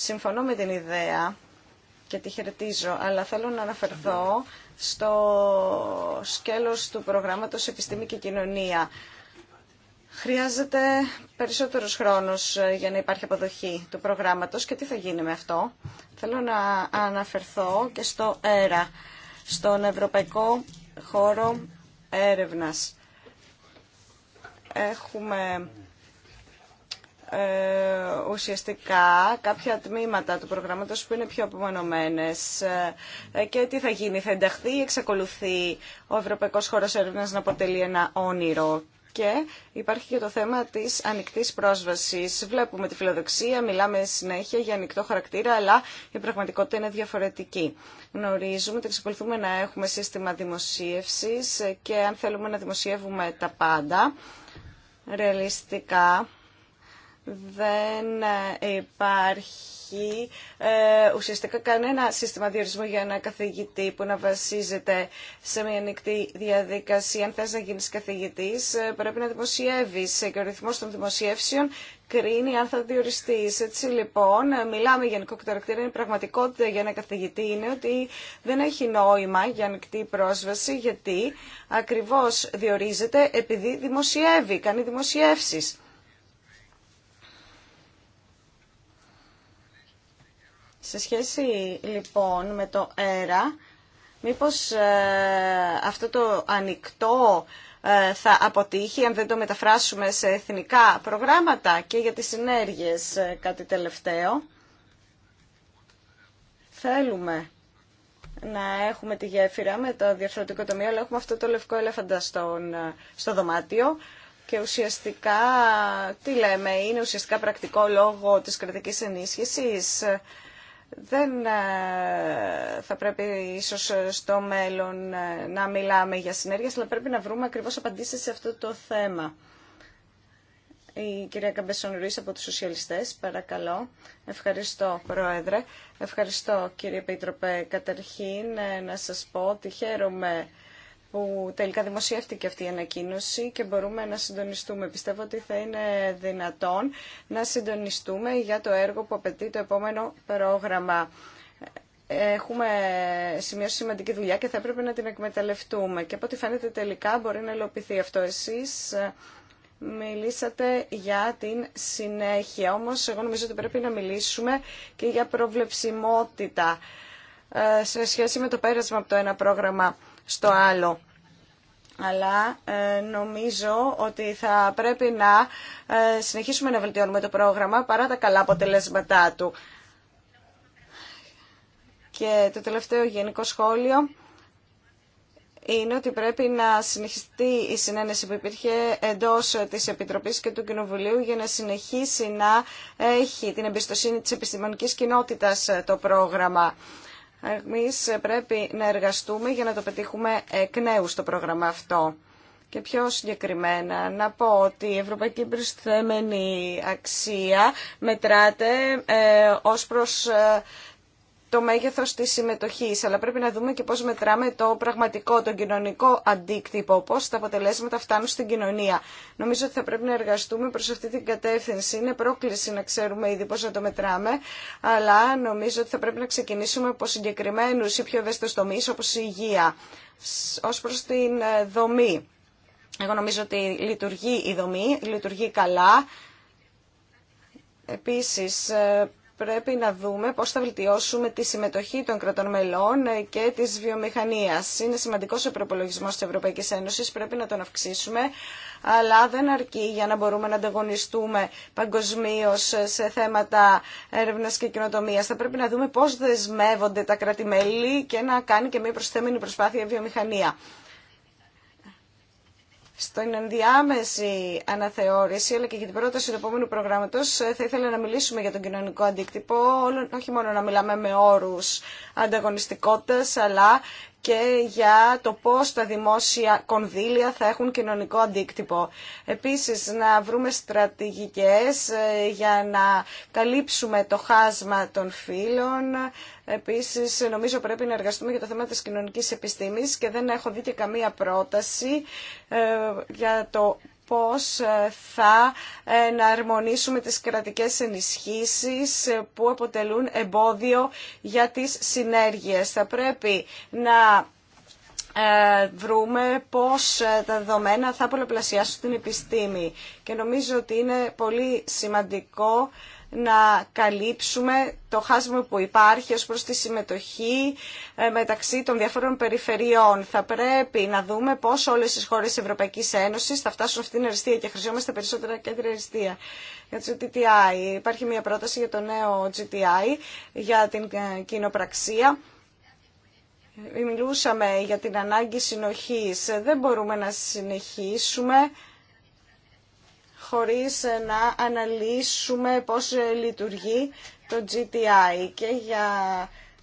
Συμφωνώ με την ιδέα και τη χαιρετίζω, αλλά θέλω να αναφερθώ στο σκέλος του προγράμματος Επιστήμη και Κοινωνία. Χρειάζεται περισσότερος χρόνος ε, για να υπάρχει αποδοχή του προγράμματος και τι θα γίνει με αυτό. Θέλω να αναφερθώ και στο ΕΡΑ, στον Ευρωπαϊκό Χώρο Έρευνας. Έχουμε ε, ουσιαστικά κάποια τμήματα του προγράμματος που είναι πιο απομονωμένες ε, και τι θα γίνει, θα ενταχθεί ή εξακολουθεί ο Ευρωπαϊκός Χώρος Έρευνας να αποτελεί ένα όνειρο και υπάρχει και το θέμα τη ανοιχτή πρόσβαση. Βλέπουμε τη φιλοδοξία, μιλάμε συνέχεια για ανοιχτό χαρακτήρα, αλλά η πραγματικότητα είναι διαφορετική. Γνωρίζουμε ότι εξακολουθούμε να έχουμε σύστημα δημοσίευση και αν θέλουμε να δημοσιεύουμε τα πάντα, ρεαλιστικά δεν υπάρχει ε, ουσιαστικά κανένα σύστημα διορισμού για ένα καθηγητή που να βασίζεται σε μια ανοιχτή διαδικασία. Αν θες να γίνεις καθηγητής ε, πρέπει να δημοσιεύεις και ο ρυθμός των δημοσιεύσεων κρίνει αν θα διοριστείς. Έτσι λοιπόν μιλάμε για γενικό χαρακτήρα, είναι πραγματικότητα για ένα καθηγητή είναι ότι δεν έχει νόημα για ανοιχτή πρόσβαση γιατί ακριβώς διορίζεται επειδή δημοσιεύει, κάνει δημοσιεύσεις. Σε σχέση λοιπόν με το ΕΡΑ, μήπως ε, αυτό το ανοιχτό ε, θα αποτύχει αν δεν το μεταφράσουμε σε εθνικά προγράμματα και για τις συνέργειες ε, κάτι τελευταίο. Θέλουμε να έχουμε τη γέφυρα με το διαφορετικό τομείο, αλλά έχουμε αυτό το λευκό ελέφαντα στο δωμάτιο. Και ουσιαστικά, τι λέμε, είναι ουσιαστικά πρακτικό λόγο της κρατικής ενίσχυσης δεν ε, θα πρέπει ίσως ε, στο μέλλον ε, να μιλάμε για συνέργειες, αλλά πρέπει να βρούμε ακριβώς απαντήσεις σε αυτό το θέμα. Η κυρία Καμπεσον από τους Σοσιαλιστές, παρακαλώ. Ευχαριστώ, Πρόεδρε. Ευχαριστώ, κύριε Πίτροπε. Καταρχήν, να σας πω ότι χαίρομαι που τελικά δημοσιεύτηκε αυτή η ανακοίνωση και μπορούμε να συντονιστούμε. Πιστεύω ότι θα είναι δυνατόν να συντονιστούμε για το έργο που απαιτεί το επόμενο πρόγραμμα. Έχουμε σημειώσει σημαντική δουλειά και θα έπρεπε να την εκμεταλλευτούμε. Και από ό,τι φαίνεται τελικά μπορεί να ελοπιθεί αυτό. Εσείς ε, μιλήσατε για την συνέχεια, όμως εγώ νομίζω ότι πρέπει να μιλήσουμε και για προβλεψιμότητα ε, σε σχέση με το πέρασμα από το ένα πρόγραμμα στο άλλο. Αλλά ε, νομίζω ότι θα πρέπει να ε, συνεχίσουμε να βελτιώνουμε το πρόγραμμα παρά τα καλά αποτελέσματά του. Και το τελευταίο γενικό σχόλιο είναι ότι πρέπει να συνεχιστεί η συνένεση που υπήρχε εντός της Επιτροπής και του Κοινοβουλίου για να συνεχίσει να έχει την εμπιστοσύνη της επιστημονικής κοινότητας ε, το πρόγραμμα. Εμείς πρέπει να εργαστούμε για να το πετύχουμε εκ νέου στο πρόγραμμα αυτό. Και πιο συγκεκριμένα να πω ότι η ευρωπαϊκή προσθέμενη αξία μετράται ε, ως προς ε, το μέγεθος της συμμετοχής, αλλά πρέπει να δούμε και πώ μετράμε το πραγματικό, τον κοινωνικό αντίκτυπο, πώς τα αποτελέσματα φτάνουν στην κοινωνία. Νομίζω ότι θα πρέπει να εργαστούμε προ αυτή την κατεύθυνση. Είναι πρόκληση να ξέρουμε ήδη πώ να το μετράμε, αλλά νομίζω ότι θα πρέπει να ξεκινήσουμε από συγκεκριμένους ή πιο ευέστερο τομέα, όπω η πιο ευαισθητου τομει οπω η υγεια Ω προ την ε, δομή. Εγώ νομίζω ότι λειτουργεί η δομή, λειτουργεί καλά. Επίσης, ε, πρέπει να δούμε πώς θα βελτιώσουμε τη συμμετοχή των κρατών μελών ε, και της βιομηχανίας. Είναι σημαντικός ο προπολογισμό της Ευρωπαϊκής Ένωσης, πρέπει να τον αυξήσουμε, αλλά δεν αρκεί για να μπορούμε να ανταγωνιστούμε παγκοσμίω ε, σε θέματα έρευνας και κοινοτομίας. Θα πρέπει να δούμε πώς δεσμεύονται τα κράτη-μέλη και να κάνει και μια προσθέμενη προσπάθεια η βιομηχανία. Στην ενδιάμεση αναθεώρηση αλλά και για την πρόταση του επόμενου προγράμματο ε, θα ήθελα να μιλήσουμε για τον κοινωνικό αντίκτυπο, όχι μόνο να μιλάμε με όρου ανταγωνιστικότητα αλλά και για το πώς τα δημόσια κονδύλια θα έχουν κοινωνικό αντίκτυπο. Επίσης, να βρούμε στρατηγικές ε, για να καλύψουμε το χάσμα των φύλων. Επίσης, νομίζω πρέπει να εργαστούμε για το θέμα της κοινωνικής επιστήμης και δεν έχω δει και καμία πρόταση ε, για το πώς ε, θα εναρμονίσουμε τις κρατικές ενισχύσεις που αποτελούν εμπόδιο για τις συνέργειες. Θα πρέπει να ε, βρούμε πώς ε, τα δεδομένα θα πολλαπλασιάσουν την επιστήμη. Και νομίζω ότι είναι πολύ σημαντικό να καλύψουμε το χάσμα που υπάρχει ως προς τη συμμετοχή ε, μεταξύ των διαφόρων περιφερειών. Θα πρέπει να δούμε πώς όλες οι χώρες της Ευρωπαϊκής Ένωσης θα φτάσουν αυτή την αριστεία και χρειαζόμαστε περισσότερα κέντρα αριστεία. Για το GTI υπάρχει μια πρόταση για το νέο GTI, για την ε, κοινοπραξία. Μιλούσαμε για την ανάγκη συνοχής. Δεν μπορούμε να συνεχίσουμε χωρίς να αναλύσουμε πώς λειτουργεί το GTI και για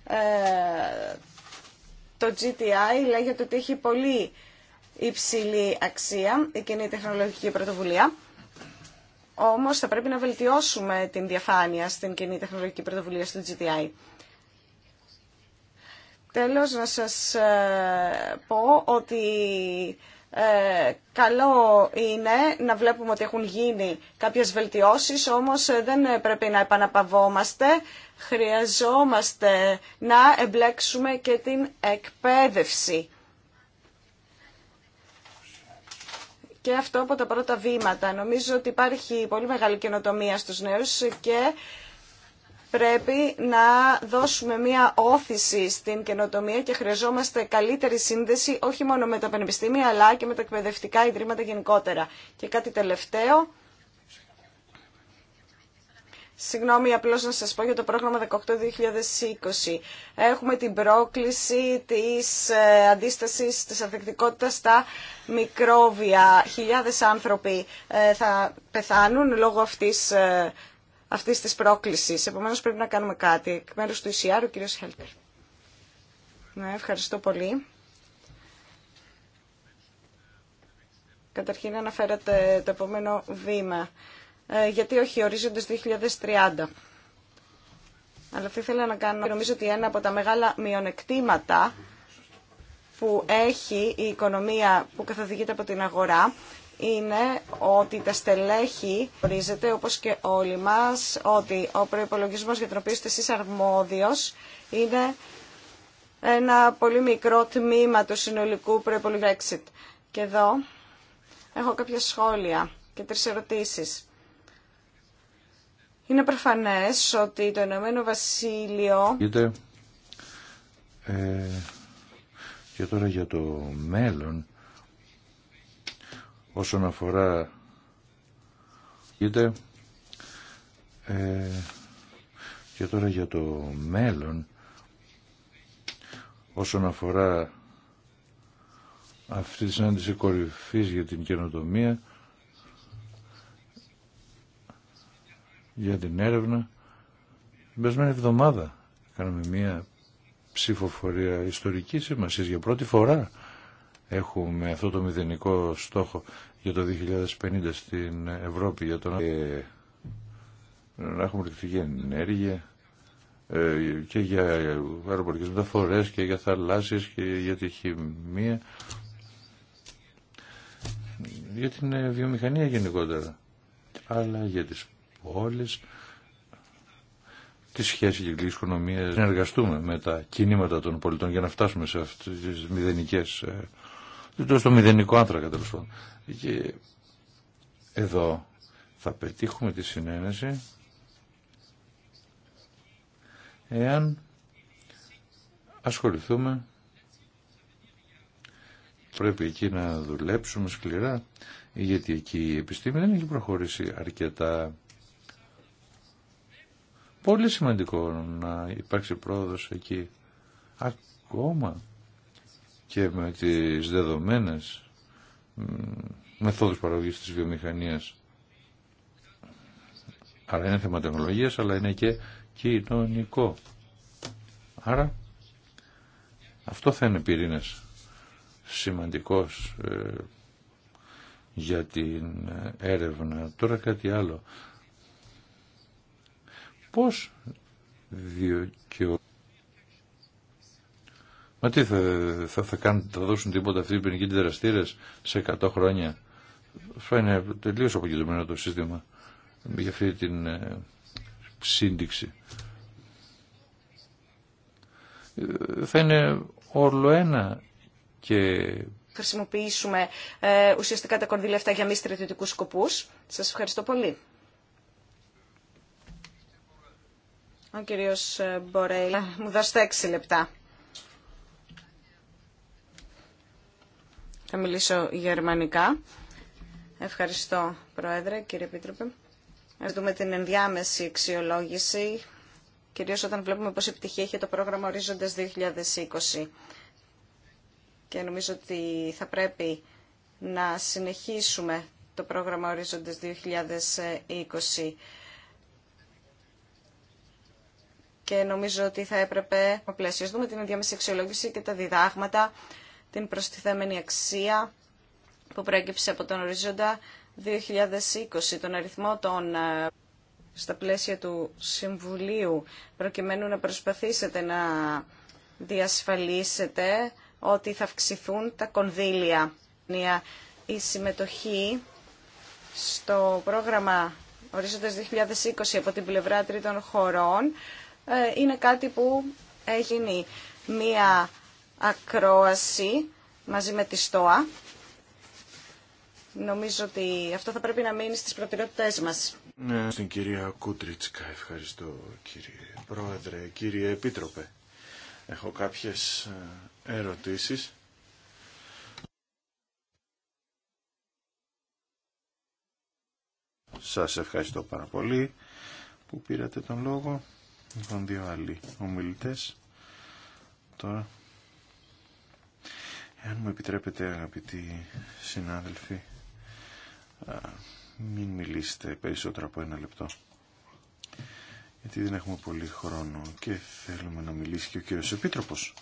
ε, το GTI λέγεται ότι έχει πολύ υψηλή αξία η κοινή τεχνολογική πρωτοβουλία. Όμως θα πρέπει να βελτιώσουμε την διαφάνεια στην κοινή τεχνολογική πρωτοβουλία στο GTI. Τέλος, να σας ε, πω ότι ε, καλό είναι να βλέπουμε ότι έχουν γίνει κάποιες βελτιώσεις, όμως ε, δεν πρέπει να επαναπαυόμαστε. Χρειαζόμαστε να εμπλέξουμε και την εκπαίδευση. Και αυτό από τα πρώτα βήματα. Νομίζω ότι υπάρχει πολύ μεγάλη καινοτομία στους νέους και πρέπει να δώσουμε μία όθηση στην καινοτομία και χρειαζόμαστε καλύτερη σύνδεση όχι μόνο με τα πανεπιστήμια αλλά και με τα εκπαιδευτικά ιδρύματα γενικότερα. Και κάτι τελευταίο. Συγγνώμη, απλώς να σας πω για το πρόγραμμα 18-2020. Έχουμε την πρόκληση της ε, αντίστασης της ανθεκτικότητας στα μικρόβια. Χιλιάδες άνθρωποι ε, θα πεθάνουν λόγω αυτής ε, αυτή τη πρόκληση. Επομένω, πρέπει να κάνουμε κάτι. Εκ μέρου του ECR, ο κ. Χέλτερ. Ναι, ευχαριστώ πολύ. Καταρχήν αναφέρατε το επόμενο βήμα. Ε, γιατί όχι ορίζοντας 2030. Αλλά θα ήθελα να κάνω, νομίζω ότι ένα από τα μεγάλα μειονεκτήματα που έχει η οικονομία που καθοδηγείται από την αγορά είναι ότι τα στελέχη ορίζεται όπως και όλοι μας ότι ο προϋπολογισμός για τον οποίο είστε εσείς αρμόδιος είναι ένα πολύ μικρό τμήμα του συνολικού προϋπολογισμού Και εδώ έχω κάποια σχόλια και τρεις ερωτήσεις. Είναι προφανές ότι το Ηνωμένο Βασίλειο...
ε, και τώρα για το μέλλον όσον αφορά είτε ε, και τώρα για το μέλλον όσον αφορά αυτή τη συνάντηση κορυφής για την καινοτομία για την έρευνα την περασμένη εβδομάδα κάναμε μια ψηφοφορία ιστορική σημασία για πρώτη φορά έχουμε αυτό το μηδενικό στόχο για το 2050 στην Ευρώπη για ε, να έχουμε ηλεκτρική ενέργεια ε, και για αεροπορικές μεταφορές και για θαλάσσιες και για τη χημεία για την ε, βιομηχανία γενικότερα αλλά για τις πόλεις τη σχέση και οικονομίας να εργαστούμε με τα κινήματα των πολιτών για να φτάσουμε σε αυτές τις μηδενικές ε, στο μηδενικό άνθρακα τέλο πάντων. Και εδώ θα πετύχουμε τη συνένεση εάν ασχοληθούμε πρέπει εκεί να δουλέψουμε σκληρά γιατί εκεί η επιστήμη δεν έχει προχωρήσει αρκετά πολύ σημαντικό να υπάρξει πρόοδος εκεί ακόμα και με τις δεδομένες μεθόδους παραγωγής της βιομηχανίας. Άρα είναι θέμα τεχνολογίας, αλλά είναι και κοινωνικό. Άρα αυτό θα είναι πυρήνες σημαντικός ε, για την έρευνα. Τώρα κάτι άλλο. Πώς Μα τι θα, θα, θα, κάνουν, θα δώσουν τίποτα αυτοί οι ποινικοί δραστήρε σε 100 χρόνια. Θα είναι τελείω αποκεντρωμένο το σύστημα για αυτή την ε, σύνδεξη. Ε, θα είναι όλο ένα και...
Χρησιμοποιήσουμε ε, ουσιαστικά τα κονδύλια για μη στρατιωτικούς σκοπούς. Σας ευχαριστώ πολύ. Ο κύριος ε, Μπορέιλα, μου δώστε έξι λεπτά. Θα μιλήσω γερμανικά. Ευχαριστώ, Πρόεδρε, κύριε Επίτροπε. δούμε την ενδιάμεση αξιολόγηση, κυρίως όταν βλέπουμε πόση επιτυχία έχει το πρόγραμμα Ορίζοντας 2020. Και νομίζω ότι θα πρέπει να συνεχίσουμε το πρόγραμμα Ορίζοντας 2020. Και νομίζω ότι θα έπρεπε να δούμε την ενδιάμεση αξιολόγηση και τα διδάγματα την προστιθέμενη αξία που προέκυψε από τον ορίζοντα 2020, τον αριθμό των ε, στα πλαίσια του Συμβουλίου, προκειμένου να προσπαθήσετε να διασφαλίσετε ότι θα αυξηθούν τα κονδύλια. Η συμμετοχή στο πρόγραμμα Ορίζοντας 2020 από την πλευρά τρίτων χωρών ε, είναι κάτι που έχει μία ακρόαση μαζί με τη ΣΤΟΑ. Νομίζω ότι αυτό θα πρέπει να μείνει στις προτεραιότητές μας.
Ναι, στην κυρία Κούτριτσκα, ευχαριστώ κύριε Πρόεδρε, κύριε Επίτροπε. Έχω κάποιες ε, ερωτήσεις. Σας ευχαριστώ πάρα πολύ που πήρατε τον λόγο. Έχουν δύο άλλοι ομιλητές. Τώρα Εάν μου επιτρέπετε αγαπητοί συνάδελφοι, μην μιλήσετε περισσότερο από ένα λεπτό. Γιατί δεν έχουμε πολύ χρόνο και θέλουμε να μιλήσει και ο κύριος Επίτροπος.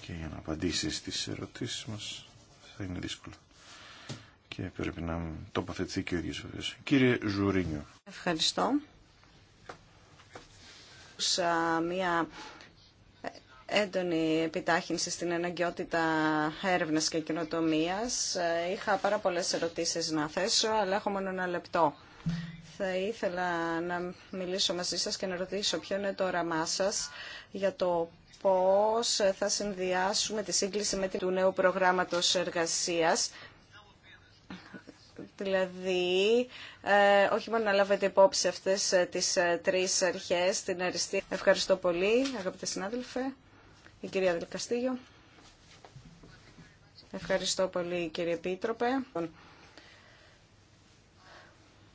Και για να απαντήσει στις ερωτήσεις μας θα είναι δύσκολο. Και πρέπει να τοποθετηθεί και ο ίδιος ίδιος. Κύριε Ζουρίνιο.
Ευχαριστώ. Σα μία έντονη επιτάχυνση στην αναγκαιότητα έρευνα και κοινοτομία. Ε, είχα πάρα πολλέ ερωτήσει να θέσω, αλλά έχω μόνο ένα λεπτό. Θα ήθελα να μιλήσω μαζί σας και να ρωτήσω ποιο είναι το όραμά σας για το πώς θα συνδυάσουμε τη σύγκληση με την του νέου προγράμματος εργασίας Δηλαδή, ε, όχι μόνο να λάβετε υπόψη αυτές ε, τις τρεις αρχές, την αριστεία. Ευχαριστώ πολύ, αγαπητέ συνάδελφε. Η κυρία Δελκαστήγιο. Ευχαριστώ πολύ κύριε Επίτροπε.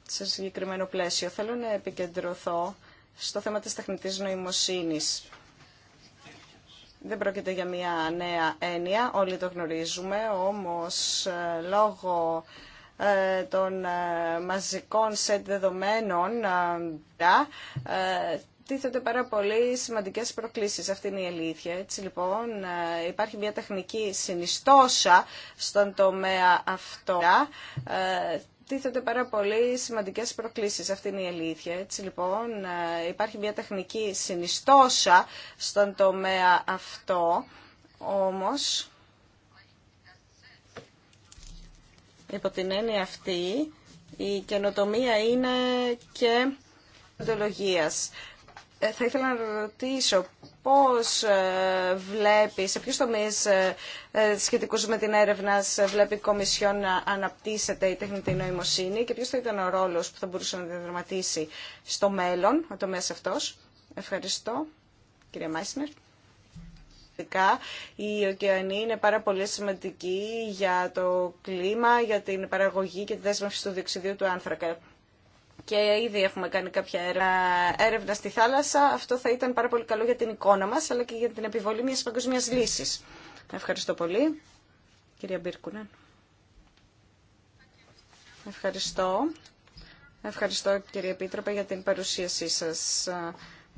Σε συγκεκριμένο πλαίσιο θέλω να επικεντρωθώ στο θέμα της τεχνητής νοημοσύνης. Δεν πρόκειται για μια νέα έννοια, όλοι το γνωρίζουμε, όμως ε, λόγω ε, των ε, μαζικών σετ δεδομένων τίθενται πάρα πολύ σημαντικές προκλήσεις. Αυτή είναι η αλήθεια. Έτσι λοιπόν ε, υπάρχει μια τεχνική συνιστόσα στον τομέα αυτό. Ε, τίθενται πάρα πολύ σημαντικές προκλήσεις. Αυτή είναι η αλήθεια. Έτσι λοιπόν ε, υπάρχει μια τεχνική συνιστόσα στον τομέα αυτό. Όμως υπό την έννοια αυτή η καινοτομία είναι και οντολογίας. Ε, θα ήθελα να ρωτήσω πώς ε, βλέπει, σε ποιους τομείς ε, σχετικούς με την έρευνα βλέπει η Κομισιόν να αναπτύσσεται η τεχνητή νοημοσύνη και ποιος θα ήταν ο ρόλος που θα μπορούσε να διαδραματίσει στο μέλλον ο τομέας αυτός. Ευχαριστώ, κυρία Μάισνερ. η ωκεανή είναι πάρα πολύ σημαντική για το κλίμα, για την παραγωγή και τη δέσμευση του διοξιδίου του άνθρακα και ήδη έχουμε κάνει κάποια έρευνα στη θάλασσα. Αυτό θα ήταν πάρα πολύ καλό για την εικόνα μας, αλλά και για την επιβολή μιας παγκοσμίας λύσης. Ευχαριστώ πολύ. Κυρία Μπίρκουνεν. Ευχαριστώ. Ευχαριστώ κύριε Επίτροπε για την παρουσίασή σας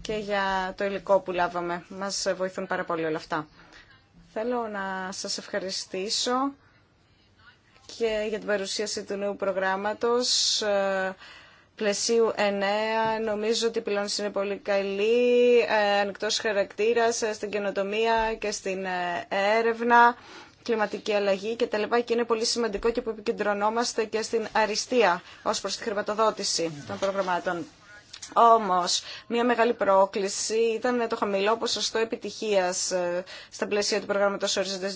και για το υλικό που λάβαμε. Μας βοηθούν πάρα πολύ όλα αυτά. Θέλω να σας ευχαριστήσω και για την παρουσίαση του νέου προγράμματος πλαισίου 9. Νομίζω ότι η πυλώνηση είναι πολύ καλή, ε, χαρακτήρα χαρακτήρας ε, στην καινοτομία και στην ε, έρευνα, κλιματική αλλαγή κτλ. Και είναι πολύ σημαντικό και που επικεντρωνόμαστε και στην αριστεία ως προς τη χρηματοδότηση των προγραμμάτων. Όμως, μια μεγάλη πρόκληση ήταν το χαμηλό ποσοστό επιτυχίας ε, στα πλαίσια του προγράμματος Ορίζοντας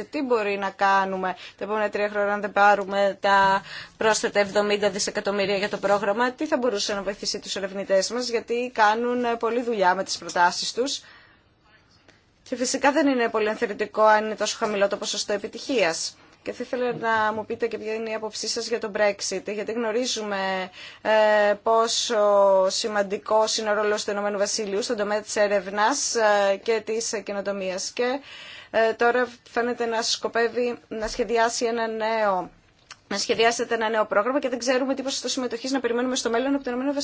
2020. Τι μπορεί να κάνουμε τα επόμενα τρία χρόνια αν δεν πάρουμε τα πρόσθετα 70 δισεκατομμύρια για το πρόγραμμα. Τι θα μπορούσε να βοηθήσει τους ερευνητέ μας γιατί κάνουν ε, πολλή δουλειά με τις προτάσεις τους. Και φυσικά δεν είναι πολύ ενθερητικό αν είναι τόσο χαμηλό το ποσοστό επιτυχίας. Και θα ήθελα να μου πείτε και ποια είναι η άποψή σας για το Brexit, γιατί γνωρίζουμε ε, πόσο σημαντικό είναι ο ρόλος του ΕΒ στον τομέα της έρευνας ε, και της κοινοτομία. Και ε, τώρα φαίνεται να σκοπεύει να σχεδιάσει ένα νέο να σχεδιάσετε ένα νέο πρόγραμμα και δεν ξέρουμε τι ποσοστό συμμετοχή να περιμένουμε στο μέλλον από το Ηνωμένο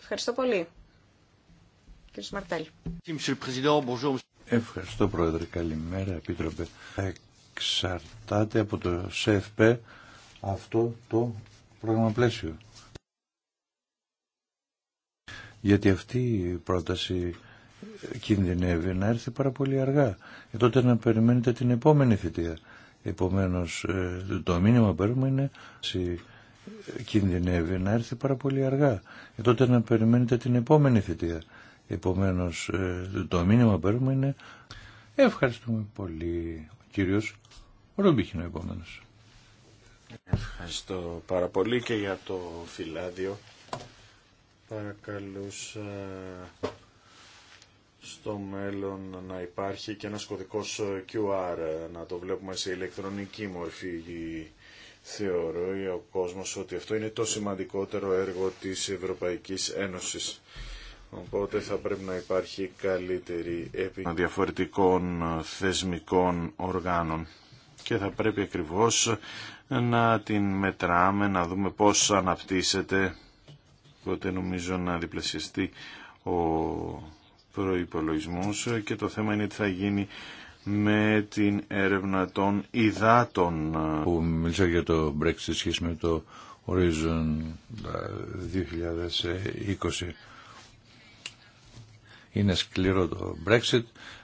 Ευχαριστώ πολύ. Κύριε Σμαρτέλ.
Ευχαριστώ, Πρόεδρε. Καλημέρα, Επίτροπε εξαρτάται από το ΣΕΦΠ αυτό το πρόγραμμα πλαίσιο. Γιατί αυτή η πρόταση κινδυνεύει να έρθει πάρα πολύ αργά. Και ε, τότε να περιμένετε την επόμενη θητεία. Επομένως ε, το μήνυμα παίρνουμε είναι κινδυνεύει να έρθει πάρα πολύ αργά. Και ε, τότε να περιμένετε την επόμενη θητεία. Επομένως το μήνυμα παίρνουμε είναι ευχαριστούμε πολύ κύριος Ρομπίχινο
επόμενος. Ευχαριστώ πάρα πολύ και για το φυλάδιο. Παρακαλούσα στο μέλλον να υπάρχει και ένας κωδικός QR, να το βλέπουμε σε ηλεκτρονική μορφή. Θεωρώ ο κόσμος ότι αυτό είναι το σημαντικότερο έργο της Ευρωπαϊκής Ένωσης. Οπότε θα πρέπει να υπάρχει καλύτερη επικοινωνία διαφορετικών ε, θεσμικών οργάνων και θα πρέπει ακριβώς να την μετράμε, να δούμε πώς αναπτύσσεται. Οπότε νομίζω να διπλασιαστεί ο προϋπολογισμός και το θέμα είναι τι θα γίνει με την έρευνα των υδάτων. Που μίλησα για το Brexit σχέση με το Horizon
2020 ε, είναι σκληρό το Brexit.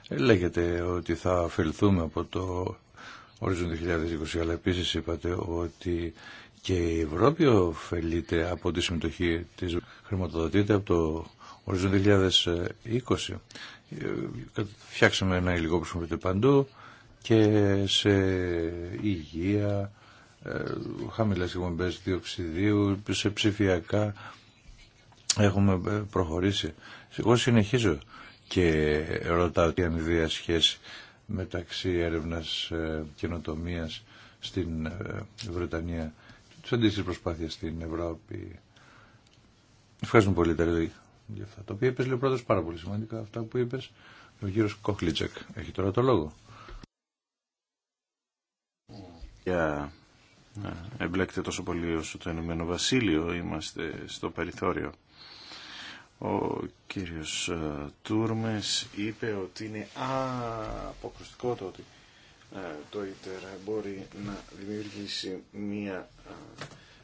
Λέγεται ότι θα ωφεληθούμε από το Horizon 2020, αλλά επίσης είπατε ότι και η Ευρώπη ωφελείται από τη συμμετοχή της χρηματοδοτείται από το Horizon 2020. Ε, φτιάξαμε ένα υλικό που παντού και σε υγεία, ε, χαμηλές εκπομπές διοξιδίου, σε ψηφιακά έχουμε ε, προχωρήσει εγώ συνεχίζω και ρωτάω τι αμοιβία σχέση μεταξύ έρευνας ε, καινοτομία στην ε, Βρετανία και τις αντίστοιχες προσπάθειες στην Ευρώπη. Ευχαριστούμε πολύ τα για αυτά. Το οποίο είπες, λέει πρώτος, πάρα πολύ σημαντικά αυτά που είπες. Ο κύριος Κοχλίτσεκ έχει τώρα το
λόγο. Για εμπλέκεται τόσο πολύ όσο το Ηνωμένο Βασίλειο, είμαστε στο περιθώριο ο κύριος ε, Τούρμες είπε ότι είναι αποκριστικό το ότι ε, το ΙΤΕΡ μπορεί να δημιουργήσει μία ε,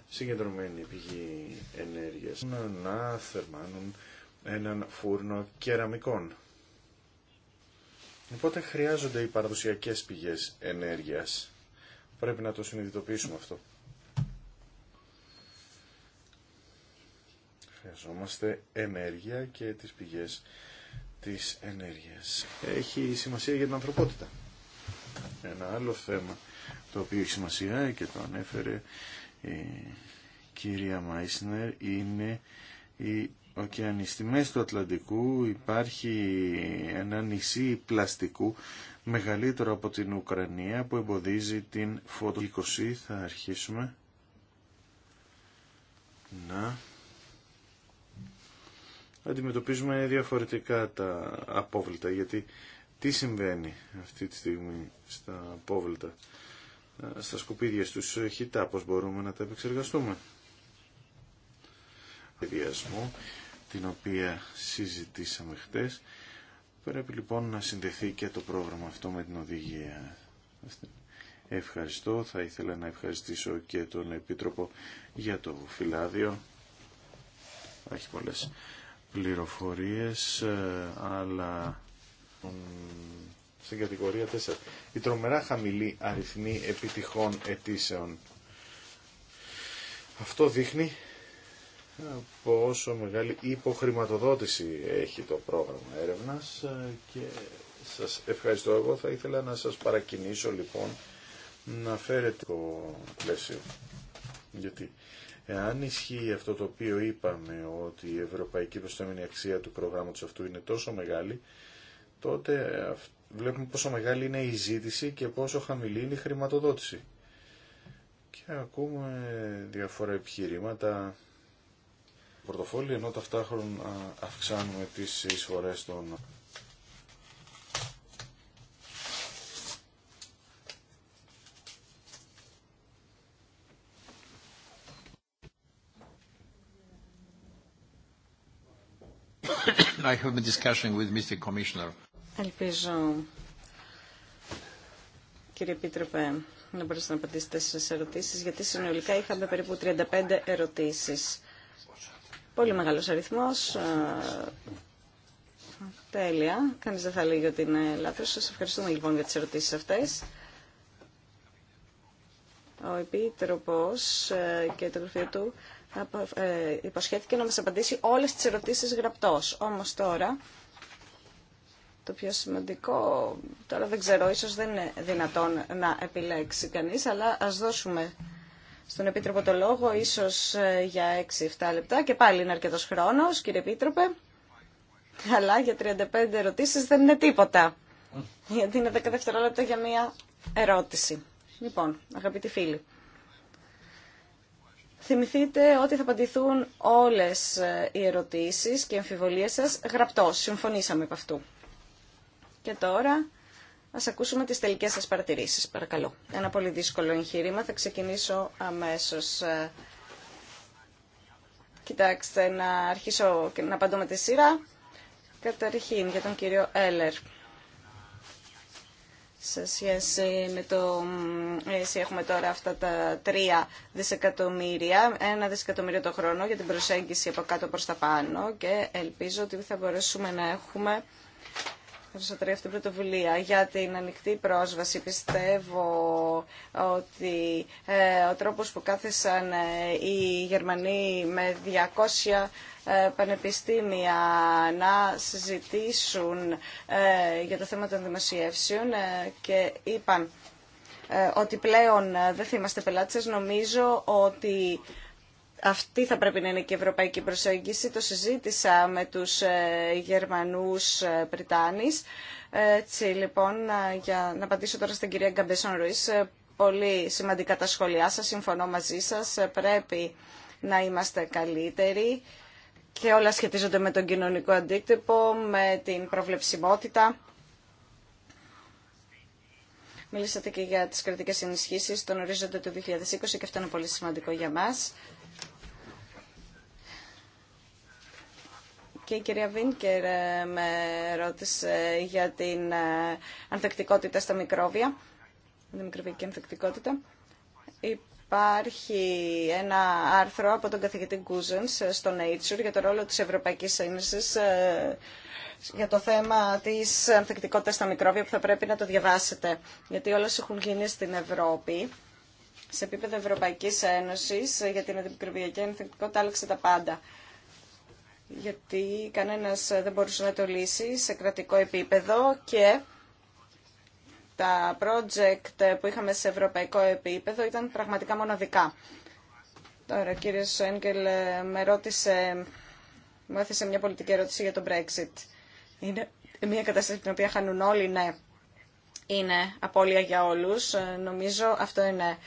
συγκεντρωμένη πηγή ενέργειας να θερμάνουν έναν φούρνο κεραμικών. Οπότε χρειάζονται οι παραδοσιακές πηγές ενέργειας. Πρέπει να το συνειδητοποιήσουμε αυτό. Χρειαζόμαστε ενέργεια και τις πηγές της ενέργειας. Έχει σημασία για την ανθρωπότητα. Ένα άλλο θέμα το οποίο έχει σημασία και το ανέφερε η κυρία Μάισνερ είναι η ωκεανή. του Ατλαντικού υπάρχει ένα νησί πλαστικού μεγαλύτερο από την Ουκρανία που εμποδίζει την φωτο Θα αρχίσουμε να αντιμετωπίζουμε διαφορετικά τα απόβλητα, γιατί τι συμβαίνει αυτή τη στιγμή στα απόβλητα, στα σκουπίδια, στους χιτά, πώς μπορούμε να τα επεξεργαστούμε. Διασμό, την οποία συζητήσαμε χτες, πρέπει λοιπόν να συνδεθεί και το πρόγραμμα αυτό με την οδηγία. Ευχαριστώ, θα ήθελα να ευχαριστήσω και τον Επίτροπο για το φυλάδιο. Έχει πολλές πληροφορίες, ε, αλλά στην κατηγορία 4. Η τρομερά χαμηλή αριθμή επιτυχών αιτήσεων. Αυτό δείχνει ε, πόσο μεγάλη υποχρηματοδότηση έχει το πρόγραμμα έρευνας ε, και σας ευχαριστώ εγώ. Θα ήθελα να σας παρακινήσω λοιπόν να φέρετε το πλαίσιο. Γιατί Εάν ισχύει αυτό το οποίο είπαμε ότι η ευρωπαϊκή προστάμενη αξία του προγράμματος αυτού είναι τόσο μεγάλη, τότε βλέπουμε πόσο μεγάλη είναι η ζήτηση και πόσο χαμηλή είναι η χρηματοδότηση. Και ακούμε διάφορα επιχειρήματα πορτοφόλι, ενώ ταυτόχρονα αυξάνουμε τις εισφορές των
Ελπίζω, κύριε Επίτροπε, να μπορέσετε να απαντήσετε στις ερωτήσεις, γιατί συνολικά είχαμε περίπου 35 ερωτήσεις. Πολύ μεγάλος αριθμός. Τέλεια. Κανείς δεν θα λέγει ότι είναι λάθος. Σας ευχαριστούμε λοιπόν για τις ερωτήσεις αυτές. Ο Επίτροπος ε, και το γραφείο του ε, υποσχέθηκε να μας απαντήσει όλες τις ερωτήσεις γραπτός. Όμως τώρα, το πιο σημαντικό, τώρα δεν ξέρω, ίσως δεν είναι δυνατόν να επιλέξει κανείς, αλλά ας δώσουμε στον Επίτροπο το λόγο, ίσως ε, για 6-7 λεπτά και πάλι είναι αρκετός χρόνος, κύριε Επίτροπε, αλλά για 35 ερωτήσεις δεν είναι τίποτα, γιατί είναι 10 δευτερόλεπτα για μία ερώτηση. Λοιπόν, αγαπητοί φίλοι. Θυμηθείτε ότι θα απαντηθούν όλες ε, οι ερωτήσεις και οι αμφιβολίες σας γραπτός. Συμφωνήσαμε από αυτού. Και τώρα ας ακούσουμε τις τελικές σας παρατηρήσεις, παρακαλώ. Ένα πολύ δύσκολο εγχείρημα. Θα ξεκινήσω αμέσως. Ε. Κοιτάξτε, να αρχίσω και να απαντώ με τη σειρά. Καταρχήν για τον κύριο Έλερ σε σχέση με το ΕΣΥ έχουμε τώρα αυτά τα τρία δισεκατομμύρια, ένα δισεκατομμύριο το χρόνο για την προσέγγιση από κάτω προς τα πάνω και ελπίζω ότι θα μπορέσουμε να έχουμε περισσότερη αυτή την πρωτοβουλία. Για την ανοιχτή πρόσβαση πιστεύω ότι ε, ο τρόπος που κάθεσαν ε, οι Γερμανοί με 200 ε, πανεπιστήμια να συζητήσουν ε, για το θέμα των δημοσιεύσεων ε, και είπαν ότι πλέον δεν θα είμαστε πελάτες. Νομίζω ότι αυτή θα πρέπει να είναι και η ευρωπαϊκή προσέγγιση. Το συζήτησα με τους Γερμανούς Πριτάνης. Έτσι λοιπόν, για να απαντήσω τώρα στην κυρία Γκαμπέσον Ρουίς, πολύ σημαντικά τα σχόλιά σας, συμφωνώ μαζί σας, πρέπει να είμαστε καλύτεροι και όλα σχετίζονται με τον κοινωνικό αντίκτυπο, με την προβλεψιμότητα. Μιλήσατε και για τις κρατικές ενισχύσεις, τον ορίζοντα του 2020 και αυτό είναι πολύ σημαντικό για μας. Και η κυρία Βίνκερ ε, με ρώτησε για την ε, ανθεκτικότητα στα μικρόβια, την μικροβιακή ανθεκτικότητα υπάρχει ένα άρθρο από τον καθηγητή Κούζενς στο Nature για το ρόλο της Ευρωπαϊκής Ένωσης ε, για το θέμα της ανθεκτικότητας στα μικρόβια που θα πρέπει να το διαβάσετε. Γιατί όλα έχουν γίνει στην Ευρώπη, σε επίπεδο Ευρωπαϊκής Ένωσης, ε, για την αντιμικροβιακή ανθεκτικότητα άλλαξε τα πάντα. Γιατί κανένας δεν μπορούσε να το λύσει σε κρατικό επίπεδο και τα project που είχαμε σε ευρωπαϊκό επίπεδο ήταν πραγματικά μοναδικά. Τώρα, ο κύριο Σέγγελ ε, με ρώτησε, μου έθεσε μια πολιτική ερώτηση για το Brexit. Είναι μια κατάσταση την οποία χάνουν όλοι, ναι. Είναι απώλεια για όλους. Ε, νομίζω αυτό είναι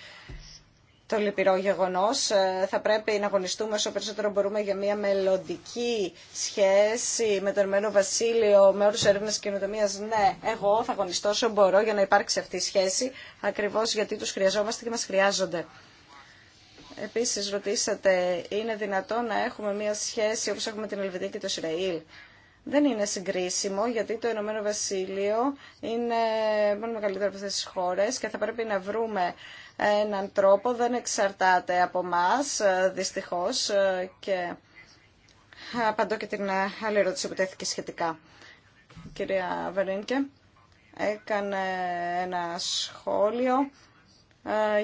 το λυπηρό γεγονός. Ε, θα πρέπει να αγωνιστούμε όσο περισσότερο μπορούμε για μια μελλοντική σχέση με το Ερμένο Βασίλειο, με όρους έρευνα και καινοτομίας. Ναι, εγώ θα αγωνιστώ όσο μπορώ για να υπάρξει αυτή η σχέση, ακριβώς γιατί τους χρειαζόμαστε και μας χρειάζονται. Επίσης ρωτήσατε, είναι δυνατό να έχουμε μια σχέση όπως έχουμε την Ελβετία και το Ισραήλ. Δεν είναι συγκρίσιμο γιατί το Ηνωμένο Βασίλειο είναι μόνο μεγαλύτερο από αυτές τις χώρες και θα πρέπει να βρούμε έναν τρόπο, δεν εξαρτάται από μας ε, δυστυχώς ε, και απαντώ και την ε, άλλη ερώτηση που τέθηκε σχετικά. κυρία Βερίνκε έκανε ένα σχόλιο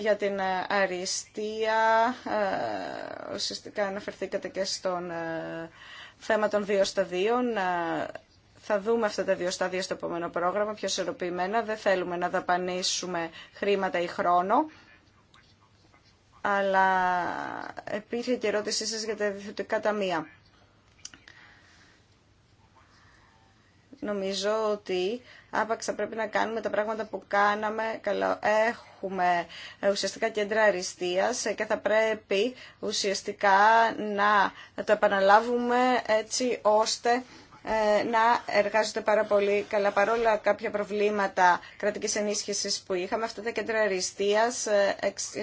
για την αριστεία. Ουσιαστικά αναφερθήκατε και στον θέμα των δύο σταδίων. Θα δούμε αυτά τα δύο στάδια στο επόμενο πρόγραμμα, πιο σωροποιημένα. Δεν θέλουμε να δαπανίσουμε χρήματα ή χρόνο. Αλλά υπήρχε και ερώτησή σας για τα διευθυντικά ταμεία. Νομίζω ότι άπαξα πρέπει να κάνουμε τα πράγματα που κάναμε. Καλό, έχουμε ουσιαστικά κέντρα αριστείας και θα πρέπει ουσιαστικά να το επαναλάβουμε έτσι ώστε ε, να εργάζονται πάρα πολύ καλά παρόλα κάποια προβλήματα κρατικής ενίσχυσης που είχαμε. Αυτά τα κέντρα ε,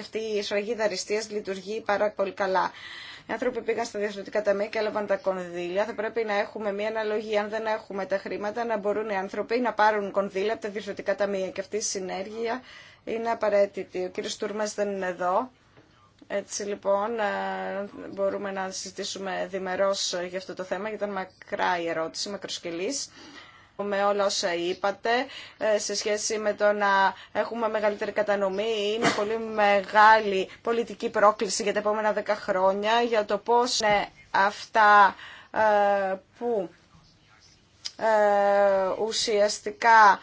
αυτή η σφραγίδα αριστεία λειτουργεί πάρα πολύ καλά. Οι άνθρωποι πήγαν στα διαφορετικά ταμεία και έλαβαν τα κονδύλια. Θα πρέπει να έχουμε μια αναλογία, αν δεν έχουμε τα χρήματα, να μπορούν οι άνθρωποι να πάρουν κονδύλια από τα διαφορετικά ταμεία. Και αυτή η συνέργεια είναι απαραίτητη. Ο κύριο Τουρμα δεν είναι εδώ. Έτσι λοιπόν ε, μπορούμε να συζητήσουμε διμερώς για αυτό το θέμα, γιατί ήταν μακρά η ερώτηση, μακροσκελής με όλα όσα είπατε ε, σε σχέση με το να έχουμε μεγαλύτερη κατανομή. Είναι πολύ μεγάλη πολιτική πρόκληση για τα επόμενα δέκα χρόνια για το πώς είναι αυτά ε, που ε, ουσιαστικά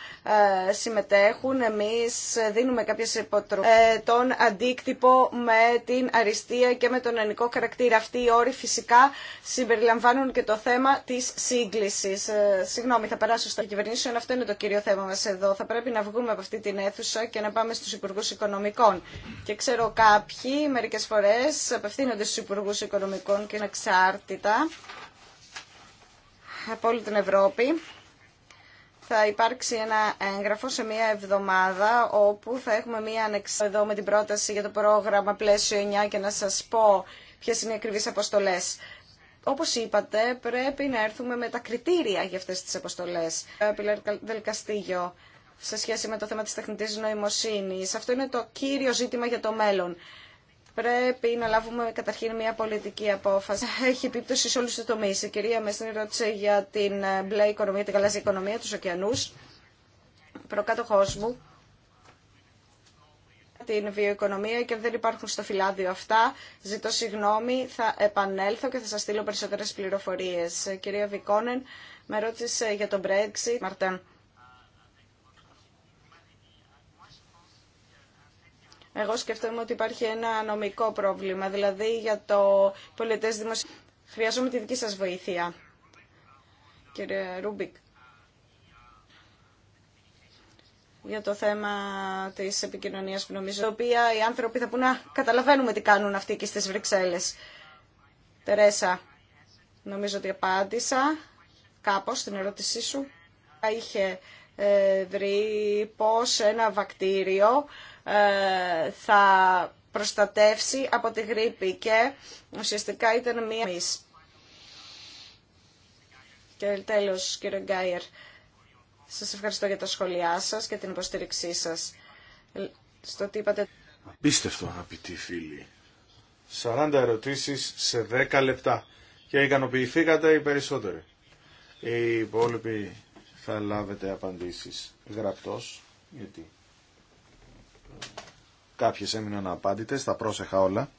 ε, συμμετέχουν. Εμείς δίνουμε κάποιες υποτροφές ε, τον αντίκτυπο με την αριστεία και με τον ενικό χαρακτήρα. Αυτοί οι όροι φυσικά συμπεριλαμβάνουν και το θέμα της σύγκλησης. Συγγνώμη, θα περάσω στα κυβερνήσεων. Αυτό είναι το κύριο θέμα μας εδώ. Θα πρέπει να βγούμε από αυτή την αίθουσα και να πάμε στους υπουργού Οικονομικών. Και ξέρω κάποιοι μερικές φορές απευθύνονται στους υπουργού Οικονομικών και είναι εξάρτητα από όλη την Ευρώπη θα υπάρξει ένα έγγραφο σε μία εβδομάδα όπου θα έχουμε μία ανεξαρτησία εδώ με την πρόταση για το πρόγραμμα πλαίσιο 9 και να σας πω ποιες είναι οι ακριβείς αποστολές. Όπως είπατε, πρέπει να έρθουμε με τα κριτήρια για αυτές τις αποστολές. Ε, Πιλέρ Δελκαστήγιο, σε σχέση με το θέμα της τεχνητής νοημοσύνης, αυτό είναι το κύριο ζήτημα για το μέλλον πρέπει να λάβουμε καταρχήν μια πολιτική απόφαση. Έχει επίπτωση σε όλου του τομεί. Η κυρία Μέσνη ρώτησε για την ε, μπλε οικονομία, την γαλάζια οικονομία, του ωκεανού. Προκάτοχό μου την βιοοικονομία και δεν υπάρχουν στο φυλάδιο αυτά. Ζητώ συγγνώμη, θα επανέλθω και θα σας στείλω περισσότερες πληροφορίες. Ε, κυρία Βικόνεν, με ρώτησε για τον Brexit. Μαρτέν. Εγώ σκεφτόμαι ότι υπάρχει ένα νομικό πρόβλημα, δηλαδή για το πολιτές δημοσίου. Χρειάζομαι τη δική σας βοήθεια, κύριε Ρούμπικ. για το θέμα της επικοινωνίας που νομίζω, το οποία οι άνθρωποι θα πούνε να καταλαβαίνουμε τι κάνουν αυτοί εκεί στις Βρυξέλλες. Τερέσα, νομίζω ότι απάντησα κάπως στην ερώτησή σου. Είχε ε, βρει πως ένα βακτήριο ε, θα προστατεύσει από τη γρήπη και ουσιαστικά ήταν μία μυς. Και τέλος κύριε Γκάιερ, σας ευχαριστώ για τα σχόλιά σας και την υποστήριξή σας. Στο τι είπατε...
Απίστευτο αγαπητοί φίλοι. 40 ερωτήσεις σε 10 λεπτά και ικανοποιηθήκατε οι περισσότεροι. Οι υπόλοιποι θα λάβετε απαντήσεις γραπτός, γιατί Κάποιες έμειναν απάντητες, τα πρόσεχα όλα.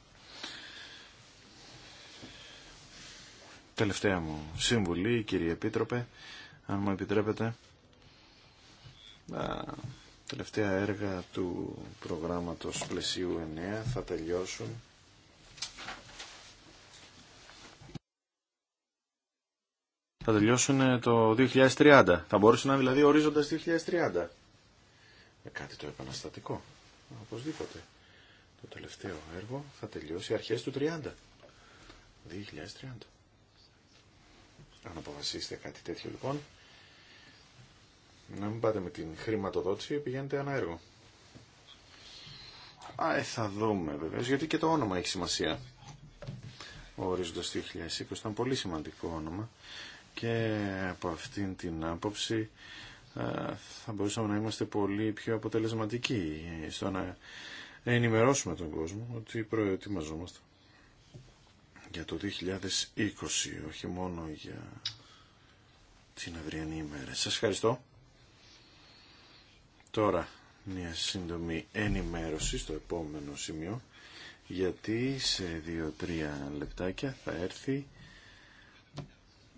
Τελευταία μου σύμβουλη, κύριε Επίτροπε, αν μου επιτρέπετε, τα τελευταία έργα του προγράμματος πλαισίου 9 θα τελειώσουν θα τελειώσουν ε, το 2030. Θα μπορούσε να δηλαδή ορίζοντας 2030. Με κάτι το επαναστατικό οπωσδήποτε. Το τελευταίο έργο θα τελειώσει αρχές του 30. 2030. Αν αποφασίσετε κάτι τέτοιο λοιπόν, να μην πάτε με την χρηματοδότηση, πηγαίνετε ένα έργο. Α, ε, θα δούμε βεβαίως, γιατί και το όνομα έχει σημασία. Ο ορίζοντας 2020 ήταν πολύ σημαντικό όνομα και από αυτήν την άποψη ε, θα μπορούσαμε να είμαστε πολύ πιο αποτελεσματικοί στο να ενημερώσουμε τον κόσμο ότι προετοιμαζόμαστε για το 2020, όχι μόνο για την αυριανή ημέρα. Σας ευχαριστώ. Τώρα μια σύντομη ενημέρωση στο επόμενο σημείο, γιατί σε 2-3 λεπτάκια θα έρθει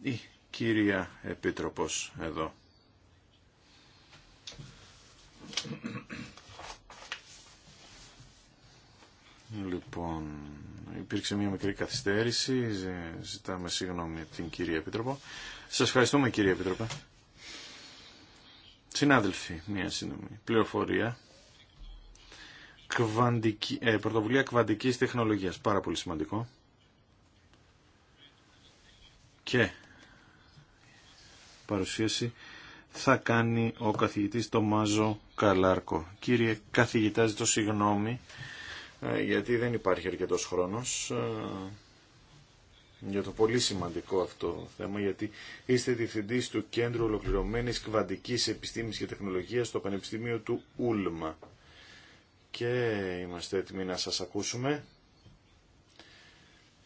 η κυρία Επίτροπος εδώ. Λοιπόν, υπήρξε μια μικρή καθυστέρηση. Ζητάμε συγγνώμη την κυρία Επίτροπο. Σας ευχαριστούμε κυρία Επίτροπε. Συνάδελφοι, μια σύντομη πληροφορία. Κβαντική, ε, πρωτοβουλία κβαντικής τεχνολογίας. Πάρα πολύ σημαντικό. Και παρουσίαση θα κάνει ο καθηγητής Μάζο Καλάρκο. Κύριε καθηγητά, ζητώ συγγνώμη, ε, γιατί δεν υπάρχει αρκετό χρόνος ε, για το πολύ σημαντικό αυτό θέμα, γιατί είστε διευθυντής του Κέντρου Ολοκληρωμένης Κβαντικής Επιστήμης και Τεχνολογίας στο Πανεπιστήμιο του Ούλμα. Και είμαστε έτοιμοι να σας ακούσουμε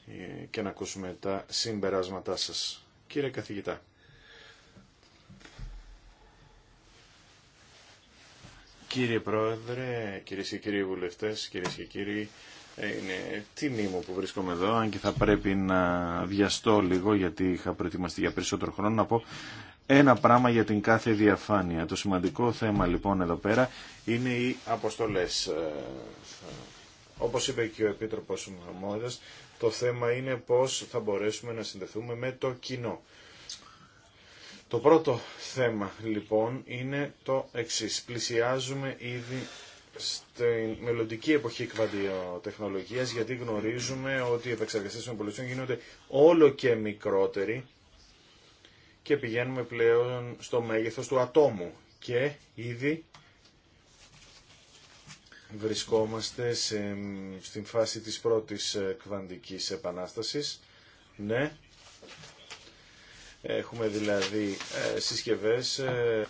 ε, και να ακούσουμε τα συμπεράσματά σας. Κύριε καθηγητά. Κύριε Πρόεδρε, κύριε και κύριοι βουλευτέ, κύριε και κύριοι, ε, είναι τιμή μου που βρίσκομαι εδώ, αν και θα πρέπει να βιαστώ λίγο γιατί είχα προετοιμαστεί για περισσότερο χρόνο να πω ένα πράγμα για την κάθε διαφάνεια. Το σημαντικό θέμα λοιπόν εδώ πέρα είναι οι αποστολέ. Ε, όπως είπε και ο επίτροπο Μαμόδας, το θέμα είναι πώ θα μπορέσουμε να συνδεθούμε με το κοινό. Το πρώτο θέμα λοιπόν είναι το εξή. Πλησιάζουμε ήδη στη μελλοντική εποχή κβαντιοτεχνολογία γιατί γνωρίζουμε ότι οι επεξεργαστές των πολιτών γίνονται όλο και μικρότεροι και πηγαίνουμε πλέον στο μέγεθος του ατόμου και ήδη βρισκόμαστε σε, στην φάση της πρώτης κβαντικής επανάστασης. Ναι, Έχουμε δηλαδή ε, συσκευές, ε,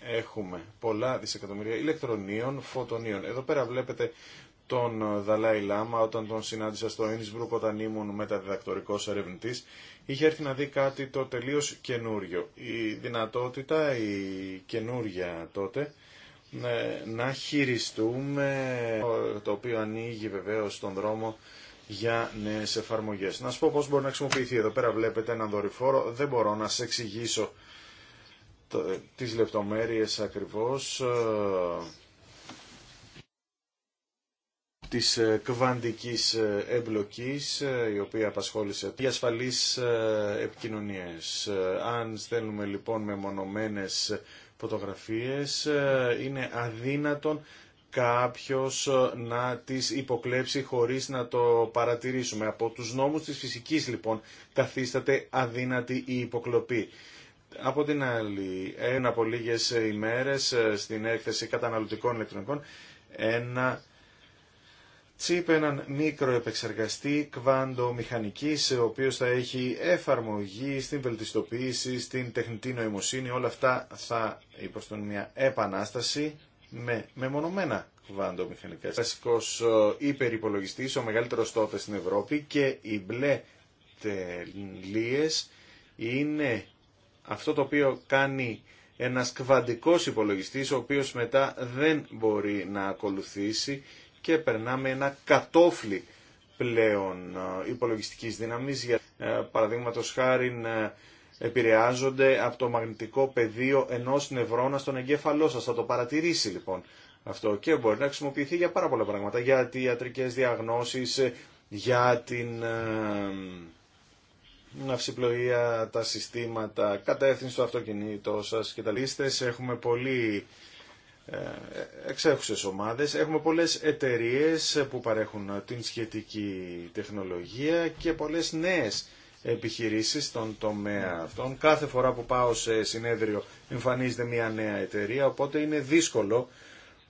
έχουμε πολλά δισεκατομμύρια ηλεκτρονίων, φωτονίων. Εδώ πέρα βλέπετε τον Δαλάη Λάμα όταν τον συνάντησα στο Ίνισμπρουκ όταν ήμουν μεταδιδακτορικός ερευνητή, είχε έρθει να δει κάτι το τελείως καινούριο. Η δυνατότητα, η καινούρια τότε, ε, να χειριστούμε, το οποίο ανοίγει βεβαίως τον δρόμο για νέες εφαρμογές. Να σου πω πώς μπορεί να χρησιμοποιηθεί. Εδώ πέρα βλέπετε έναν δορυφόρο. Δεν μπορώ να σε εξηγήσω ε, τις λεπτομέρειες ακριβώς ε, της ε, κβαντικής εμπλοκής η οποία απασχόλησε οι ασφαλείς επικοινωνίες. Αν στέλνουμε λοιπόν με μονομένες φωτογραφίες είναι αδύνατον κάποιος ε, να τις υποκλέψει χωρίς να το παρατηρήσουμε. Από τους νόμους της φυσικής λοιπόν καθίσταται αδύνατη η υποκλοπή. Από την άλλη, ένα από λίγες ε, ημέρες ε, στην έκθεση καταναλωτικών ηλεκτρονικών, ένα τσίπ, έναν μικροεπεξεργαστή κβαντομηχανικής, ο οποίος θα έχει εφαρμογή στην βελτιστοποίηση, στην τεχνητή νοημοσύνη, όλα αυτά θα υποστούν μια επανάσταση με μεμονωμένα Ο Κλασικός ε, υπερυπολογιστής, ο μεγαλύτερος τότε στην Ευρώπη και οι μπλε τελείες είναι αυτό το οποίο κάνει ένα κβαντικός υπολογιστής ο οποίος μετά δεν μπορεί να ακολουθήσει και περνάμε ένα κατόφλι πλέον ε, υπολογιστικής δύναμης για ε, παραδείγματος χάρη επηρεάζονται από το μαγνητικό πεδίο ενός νευρώνα στον εγκέφαλό σας. Θα το παρατηρήσει λοιπόν αυτό και μπορεί να χρησιμοποιηθεί για πάρα πολλά πράγματα, για ιατρικέ διαγνώσεις, για την ε, ναυσιπλοεία, τα συστήματα, κατεύθυνση του αυτοκινήτου σα και τα λίστε Έχουμε πολύ ε, εξέχουσες ομάδες. Έχουμε πολλές εταιρείες που παρέχουν την σχετική τεχνολογία και πολλές νέες επιχειρήσεις στον τομέα αυτών. Κάθε φορά που πάω σε συνέδριο εμφανίζεται μια νέα εταιρεία, οπότε είναι δύσκολο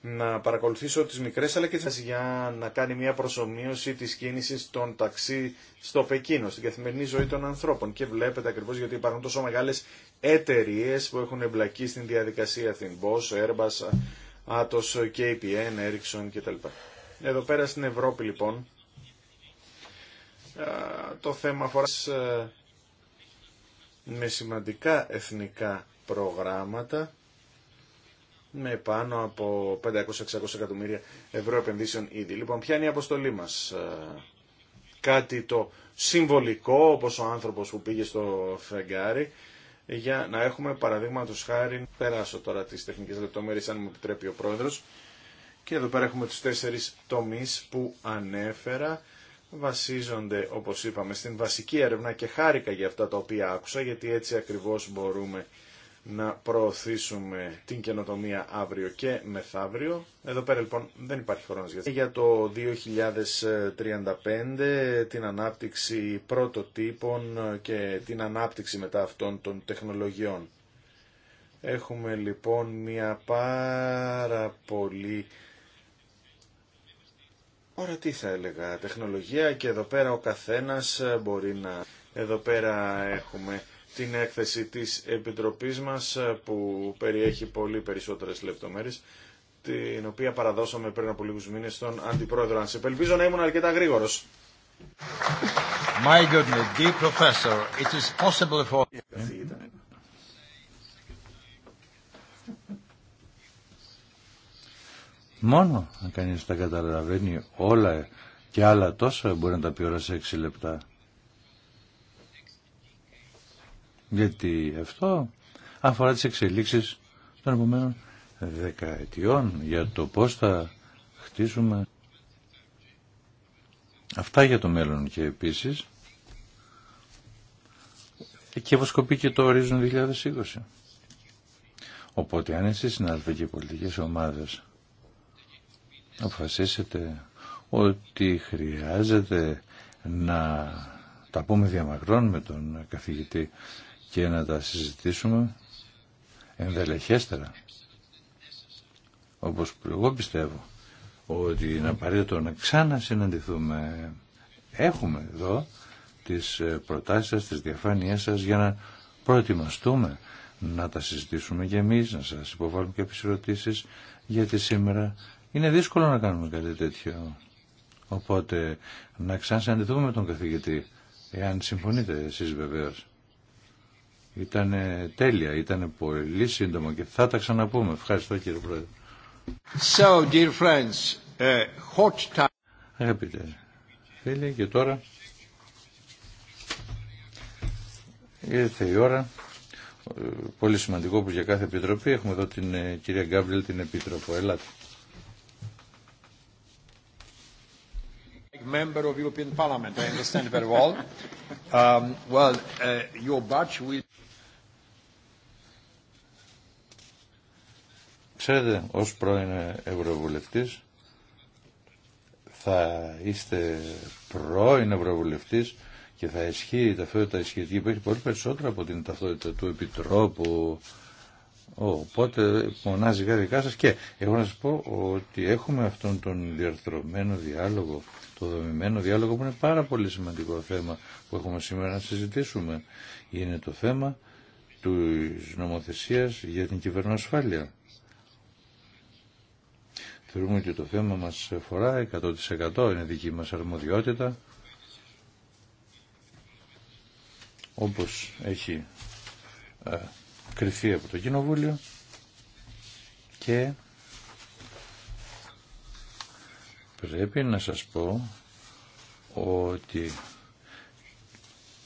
να παρακολουθήσω τις μικρές αλλά και τις για να κάνει μια προσωμείωση της κίνησης των ταξί στο Πεκίνο, στην καθημερινή ζωή των ανθρώπων. Και βλέπετε ακριβώς γιατί υπάρχουν τόσο μεγάλες εταιρείε που έχουν εμπλακεί στην διαδικασία την Bosch, Airbus, Atos, KPN, Ericsson κτλ. Εδώ πέρα στην Ευρώπη λοιπόν το θέμα αφορά με σημαντικά εθνικά προγράμματα με πάνω από 500-600 εκατομμύρια ευρώ επενδύσεων ήδη. Λοιπόν, ποια είναι η αποστολή μας. Κάτι το συμβολικό, όπως ο άνθρωπος που πήγε στο φεγγάρι, για να έχουμε του χάρη, περάσω τώρα τις τεχνικές λεπτομέρειες αν μου επιτρέπει ο πρόεδρος, και εδώ πέρα έχουμε τους τέσσερις τομείς που ανέφερα βασίζονται, όπως είπαμε, στην βασική έρευνα και χάρηκα για αυτά τα οποία άκουσα, γιατί έτσι ακριβώς μπορούμε να προωθήσουμε την καινοτομία αύριο και μεθαύριο. Εδώ πέρα λοιπόν δεν υπάρχει χρόνος για Για το 2035 την ανάπτυξη πρωτοτύπων και την ανάπτυξη μετά αυτών των τεχνολογιών. Έχουμε λοιπόν μια πάρα πολύ Ωραία, τι θα έλεγα, τεχνολογία και εδώ πέρα ο καθένας ε, μπορεί να... Εδώ πέρα έχουμε την έκθεση της Επιτροπής μας ε, που περιέχει πολύ περισσότερες λεπτομέρειες την οποία παραδώσαμε πριν από λίγους μήνες στον Αντιπρόεδρο σε Ελπίζω να ήμουν αρκετά γρήγορος.
My goodness,
professor, it is possible for...
Μόνο αν κανείς τα καταλαβαίνει όλα και άλλα τόσα μπορεί να τα πει όλα σε έξι λεπτά. Γιατί αυτό αφορά τις εξελίξεις των επομένων δεκαετιών για το πώς θα χτίσουμε αυτά για το μέλλον και επίσης και βοσκοπεί και το ορίζον 2020. Οπότε αν εσείς συνάδελφοι και πολιτικές ομάδες αποφασίσετε ότι χρειάζεται να τα πούμε διαμακρών με τον καθηγητή και να τα συζητήσουμε ενδελεχέστερα. Όπως εγώ πιστεύω ότι είναι απαραίτητο να ξανασυναντηθούμε. Έχουμε εδώ τις ε, προτάσεις σας, τις διαφάνειές σας για να προετοιμαστούμε να τα συζητήσουμε και εμείς, να σας υποβάλουμε κάποιες ερωτήσεις γιατί σήμερα είναι δύσκολο να κάνουμε κάτι τέτοιο. Οπότε να ξανασυναντηθούμε με τον καθηγητή, εάν συμφωνείτε εσείς βεβαίως. Ήταν τέλεια, ήταν πολύ σύντομο και θα τα ξαναπούμε. Ευχαριστώ κύριε Πρόεδρε. So, dear friends, ε, hot time. Αγαπητέ φίλοι, και τώρα ήρθε η ώρα. Ε, πολύ σημαντικό που για κάθε επιτροπή έχουμε εδώ την ε, κυρία Γκάμπριλ την Επίτροπο. Ελάτε.
member of European Parliament. I understand very well.
Um, well, uh, your batch will... Ξέρετε, ως πρώην Ευρωβουλευτής, θα είστε πρώην Ευρωβουλευτής και θα ισχύει η ταυτότητα ισχυρική που έχει πολύ περισσότερο από την ταυτότητα του Επιτρόπου. Οπότε μονάζει δικά σας και εγώ να σας πω ότι έχουμε αυτόν τον διαρθρωμένο διάλογο το δομημένο διάλογο που είναι πάρα πολύ σημαντικό θέμα που έχουμε σήμερα να συζητήσουμε. Είναι το θέμα του νομοθεσίας για την κυβερνοασφάλεια. Θεωρούμε ότι το θέμα μας αφορά 100% είναι δική μας αρμοδιότητα. Όπως έχει ε, κρυφθεί από το Κοινοβούλιο και πρέπει να σας πω ότι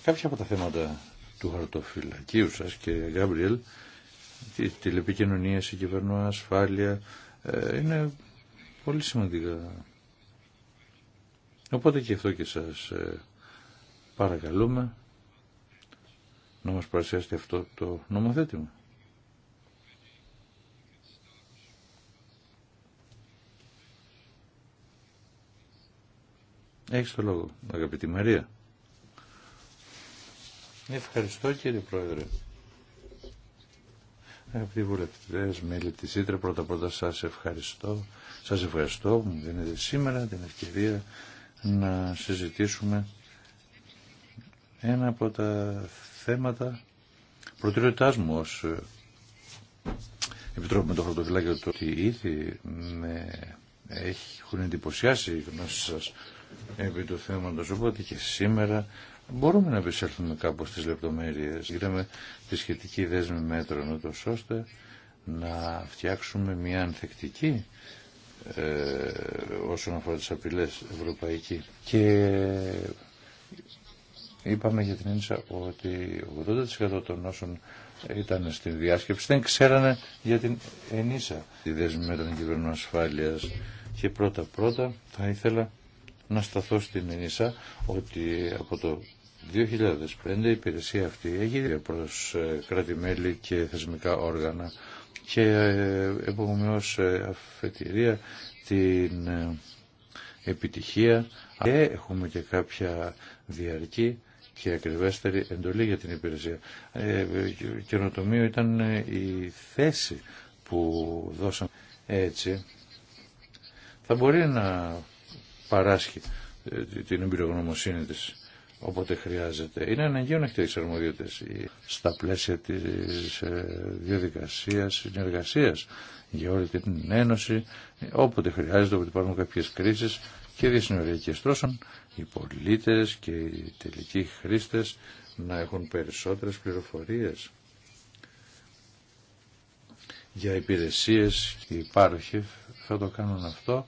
κάποια από τα θέματα του χαρτοφυλακίου σας και Γκάμπριελ, τη τηλεπικοινωνία, η ασφάλεια, ε, είναι πολύ σημαντικά. Οπότε και αυτό και σας ε, παρακαλούμε να μας παρουσιάσετε αυτό το νομοθέτημα. Έχεις το λόγο, αγαπητή Μαρία. Ευχαριστώ κύριε Πρόεδρε. Αγαπητοί βουλευτές, μέλη τη Ήτρα, πρώτα πρώτα σα ευχαριστώ. Σας ευχαριστώ που μου δίνετε σήμερα την ευκαιρία να συζητήσουμε ένα από τα θέματα προτεραιότητάς μου ως Επιτρόπη με το χαρτοφυλάκιο του ότι ήδη με έχουν εντυπωσιάσει οι γνώσεις σας επί του θέματος. Οπότε και σήμερα μπορούμε να επισέλθουμε κάπως στις λεπτομέρειες. είδαμε τη σχετική δέσμη μέτρων, ώστε να φτιάξουμε μια ανθεκτική ε, όσον αφορά τις απειλές ευρωπαϊκή. Και είπαμε για την Ίνσα ότι 80% των όσων ήταν στην διάσκεψη δεν ξέρανε για την Ενίσα. Τη δέσμη μέτρων κυβερνών ασφάλειας και πρώτα πρώτα θα ήθελα να σταθώ στην Ενίσα ότι από το 2005 η υπηρεσία αυτή έγινε προς ε, κρατημέλη και θεσμικά όργανα και ε, επομένως ε, αφετηρία την επιτυχία και έχουμε και κάποια διαρκή και ακριβέστερη εντολή για την υπηρεσία. Ε, καινοτομείο ήταν η θέση που δώσαμε έτσι. Θα μπορεί να παράσχει ε, την εμπειρογνωμοσύνη της όποτε χρειάζεται. Είναι αναγκαίο να έχετε αρμοδιότητες ε, στα πλαίσια της ε, διαδικασίας συνεργασίας για όλη την Ένωση, όποτε χρειάζεται, όποτε υπάρχουν κάποιες κρίσεις και διασυνοριακές τρόσων, οι πολίτες και οι τελικοί χρήστες να έχουν περισσότερες πληροφορίες για υπηρεσίες και θα το κάνουν αυτό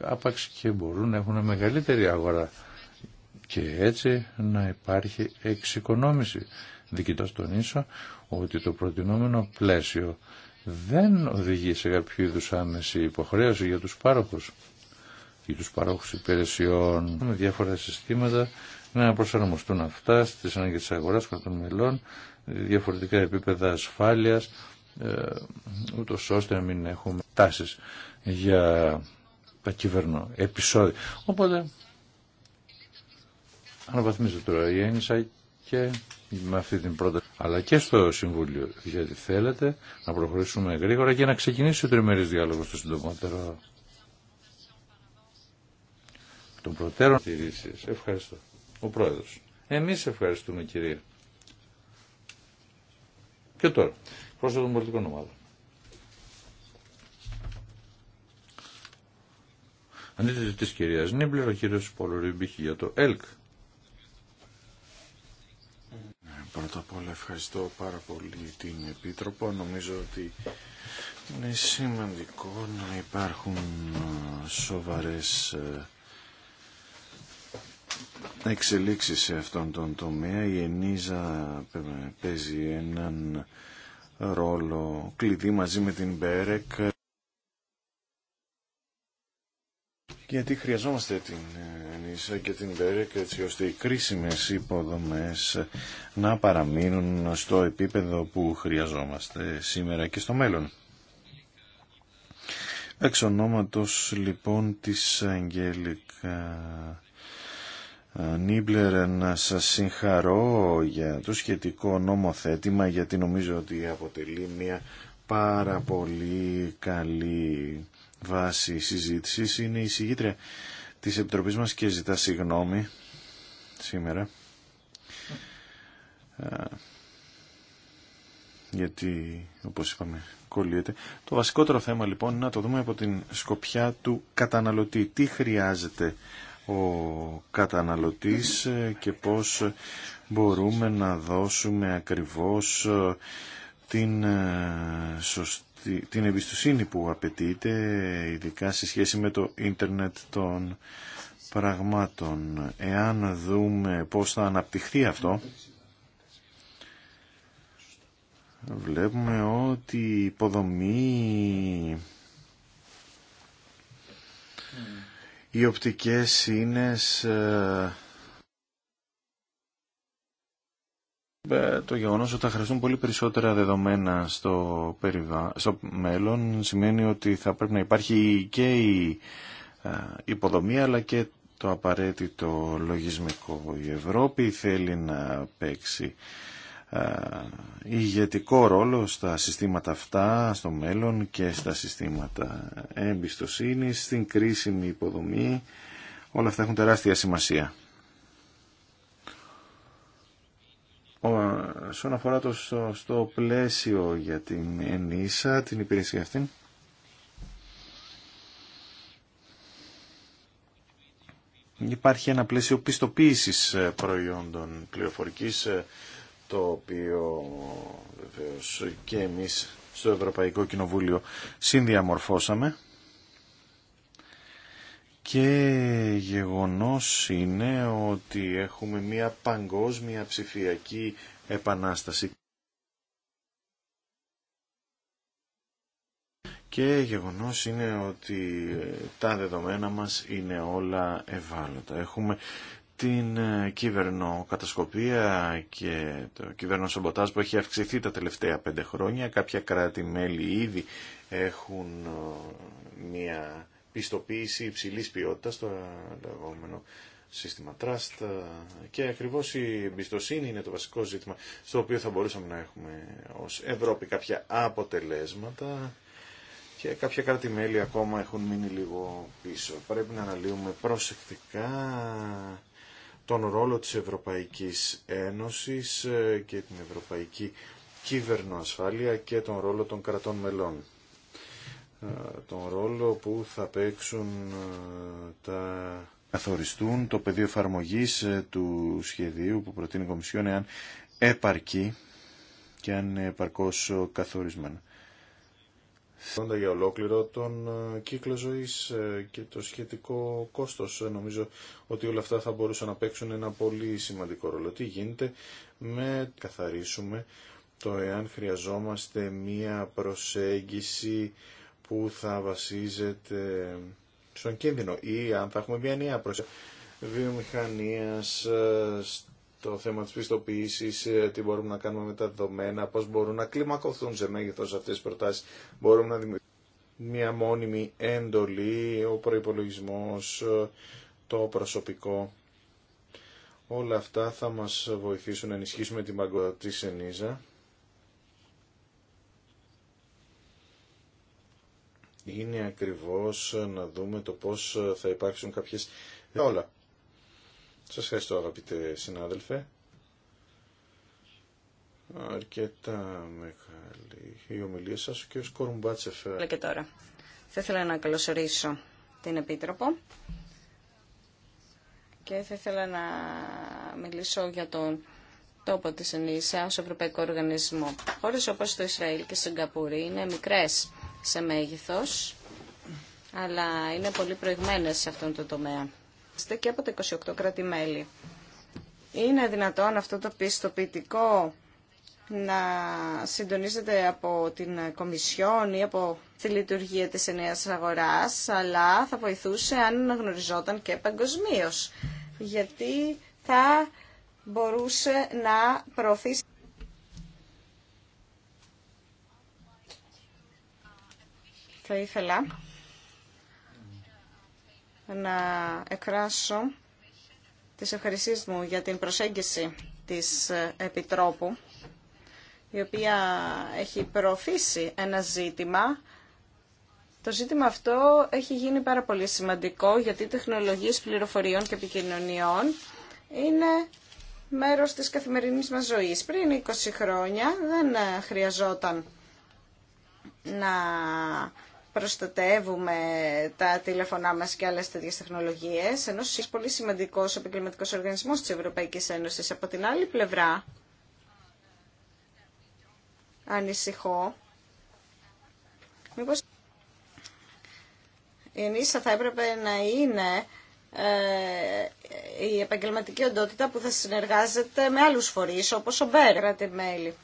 άπαξ και μπορούν να έχουν μεγαλύτερη αγορά και έτσι να υπάρχει εξοικονόμηση. στον τονίσω ότι το προτινόμενο πλαίσιο δεν οδηγεί σε κάποιο είδου άμεση υποχρέωση για τους πάροχους ή τους παρόχους υπηρεσιών με διάφορα συστήματα να προσαρμοστούν αυτά στις ανάγκες της αγοράς των μελών, διαφορετικά επίπεδα ασφάλειας, ε, ούτως ώστε να μην έχουμε τάσεις για τα κυβερνώ. Οπότε αναβαθμίζω τώρα η Ένισα και με αυτή την πρόταση αλλά και στο Συμβούλιο γιατί θέλετε να προχωρήσουμε γρήγορα και να ξεκινήσει ο τριμερής διάλογος το συντομότερο των προτέρων Ευχαριστώ. Ο Πρόεδρος. Εμείς ευχαριστούμε κυρία. Και τώρα, πρόσωπο των πολιτικών Αντίθεση της κυρίας Νίμπλερ, ο κύριος Πολορυμπήχη για το ΕΛΚ.
Ναι, πρώτα απ' όλα ευχαριστώ πάρα πολύ την Επίτροπο. Νομίζω ότι είναι σημαντικό να υπάρχουν σοβαρές εξελίξεις σε αυτόν τον τομέα. Η Ενίζα παίζει έναν ρόλο κλειδί μαζί με την Μπέρεκ γιατί χρειαζόμαστε την ενίσχυση και την και έτσι ώστε οι κρίσιμες υποδομές να παραμείνουν στο επίπεδο που χρειαζόμαστε σήμερα και στο μέλλον. Εξ ονόματος λοιπόν της Αγγέλικα Νίμπλερ να σας συγχαρώ για το σχετικό νομοθέτημα γιατί νομίζω ότι αποτελεί μια πάρα πολύ καλή βάση συζήτηση Είναι η συγγήτρια της Επιτροπής μας και ζητά συγγνώμη σήμερα ε, γιατί όπως είπαμε κολλείται. Το βασικότερο θέμα λοιπόν είναι να το δούμε από την σκοπιά του καταναλωτή. Τι χρειάζεται ο καταναλωτής ε, και πώς μπορούμε να δώσουμε ακριβώς ε, την σωστή την εμπιστοσύνη που απαιτείται, ειδικά σε σχέση με το ίντερνετ των πραγμάτων. Εάν δούμε πώς θα αναπτυχθεί αυτό, βλέπουμε ότι η υποδομή, οι οπτικές ίνες ε, Ε, το γεγονός ότι θα χρειαστούν πολύ περισσότερα δεδομένα στο, περιβα... στο μέλλον σημαίνει ότι θα πρέπει να υπάρχει και η ε, υποδομή αλλά και το απαραίτητο λογισμικό. Η Ευρώπη θέλει να παίξει ε, ηγετικό ρόλο στα συστήματα αυτά, στο μέλλον και στα συστήματα εμπιστοσύνης, στην κρίσιμη υποδομή. Όλα αυτά έχουν τεράστια σημασία. Όσον αφορά το στο, πλαίσιο για την ενίσα, την υπηρεσία αυτή, υπάρχει ένα πλαίσιο πιστοποίησης ε, προϊόντων πληροφορικής, ε, το οποίο βεβαίω και εμείς στο Ευρωπαϊκό Κοινοβούλιο συνδιαμορφώσαμε. Και γεγονός είναι ότι έχουμε μια παγκόσμια ψηφιακή επανάσταση. Και γεγονός είναι ότι ε, τα δεδομένα μας είναι όλα ευάλωτα. Έχουμε την ε, κυβερνοκατασκοπία και το κυβερνοσομποτάζ που έχει αυξηθεί τα τελευταία πέντε χρόνια. Κάποια κράτη-μέλη ήδη έχουν ε, μια πιστοποίηση υψηλή ποιότητα, στο λεγόμενο σύστημα Trust και ακριβώς η εμπιστοσύνη είναι το βασικό ζήτημα στο οποίο θα μπορούσαμε να έχουμε ως Ευρώπη κάποια αποτελέσματα και κάποια κράτη-μέλη ακόμα έχουν μείνει λίγο πίσω. Πρέπει να αναλύουμε προσεκτικά τον ρόλο της Ευρωπαϊκής Ένωσης ε, και την Ευρωπαϊκή Κυβερνοασφάλεια και τον ρόλο των κρατών μελών τον ρόλο που θα παίξουν τα καθοριστούν το πεδίο εφαρμογή ε, του σχεδίου που προτείνει η Κομισιόν εάν επαρκεί και αν είναι επαρκώς καθορισμένο. Για ολόκληρο τον κύκλο ζωής ε, και το σχετικό κόστος ε, νομίζω ότι όλα αυτά θα μπορούσαν να παίξουν ένα πολύ σημαντικό ρόλο. Τι γίνεται με καθαρίσουμε το εάν χρειαζόμαστε μία προσέγγιση που θα βασίζεται στον κίνδυνο ή αν θα έχουμε μια νέα προσέγγιση βιομηχανίας ε, το θέμα της πιστοποίησης, ε, τι μπορούμε να κάνουμε με τα δεδομένα, πώς μπορούν να κλιμακωθούν σε μέγεθος αυτές τις προτάσεις, μπορούμε να δημιουργήσουμε μια μόνιμη έντολη, ο προϋπολογισμός, ε, το προσωπικό. Όλα αυτά θα μας βοηθήσουν να ενισχύσουμε την παγκοσμία Σενίζα είναι ακριβώς να δούμε το πώς θα υπάρξουν κάποιες όλα. Σας ευχαριστώ αγαπητέ συνάδελφε. Αρκετά μεγάλη η ομιλία σας, ο κ. Κορουμπάτσεφ. Και
τώρα. Θα ήθελα να καλωσορίσω την Επίτροπο και θα ήθελα να μιλήσω για τον τόπο της ΕΝΙΣΑ ως Ευρωπαϊκό Οργανισμό. Χώρες όπως το Ισραήλ και η Σιγκαπούρη είναι μικρές σε μέγεθος, αλλά είναι πολύ προηγμένες σε αυτόν τον τομέα. Είστε και από τα 28 κράτη-μέλη. Είναι δυνατόν αυτό το πιστοποιητικό να συντονίζεται από την Κομισιόν ή από τη λειτουργία της ενιαίας αγοράς, αλλά θα βοηθούσε αν αναγνωριζόταν και παγκοσμίω. Γιατί θα μπορούσε να προωθήσει Θα ήθελα να εκράσω τις ευχαρισίες μου για την προσέγγιση της Επιτρόπου, η οποία έχει προωθήσει ένα ζήτημα. Το ζήτημα αυτό έχει γίνει πάρα πολύ σημαντικό, γιατί οι τεχνολογίες πληροφοριών και επικοινωνιών είναι μέρος της καθημερινής μας ζωής. Πριν 20 χρόνια δεν χρειαζόταν να προστατεύουμε τα τηλέφωνά μας και άλλες τέτοιες τεχνολογίες, ενώ είναι πολύ σημαντικός επαγγελματικός οργανισμός της Ευρωπαϊκής Ένωσης. Από την άλλη πλευρά, ανησυχώ, μήπως η θα έπρεπε να είναι ε, η επαγγελματική οντότητα που θα συνεργάζεται με άλλους φορείς, όπως ο Μπέρ, κράτη μέλη.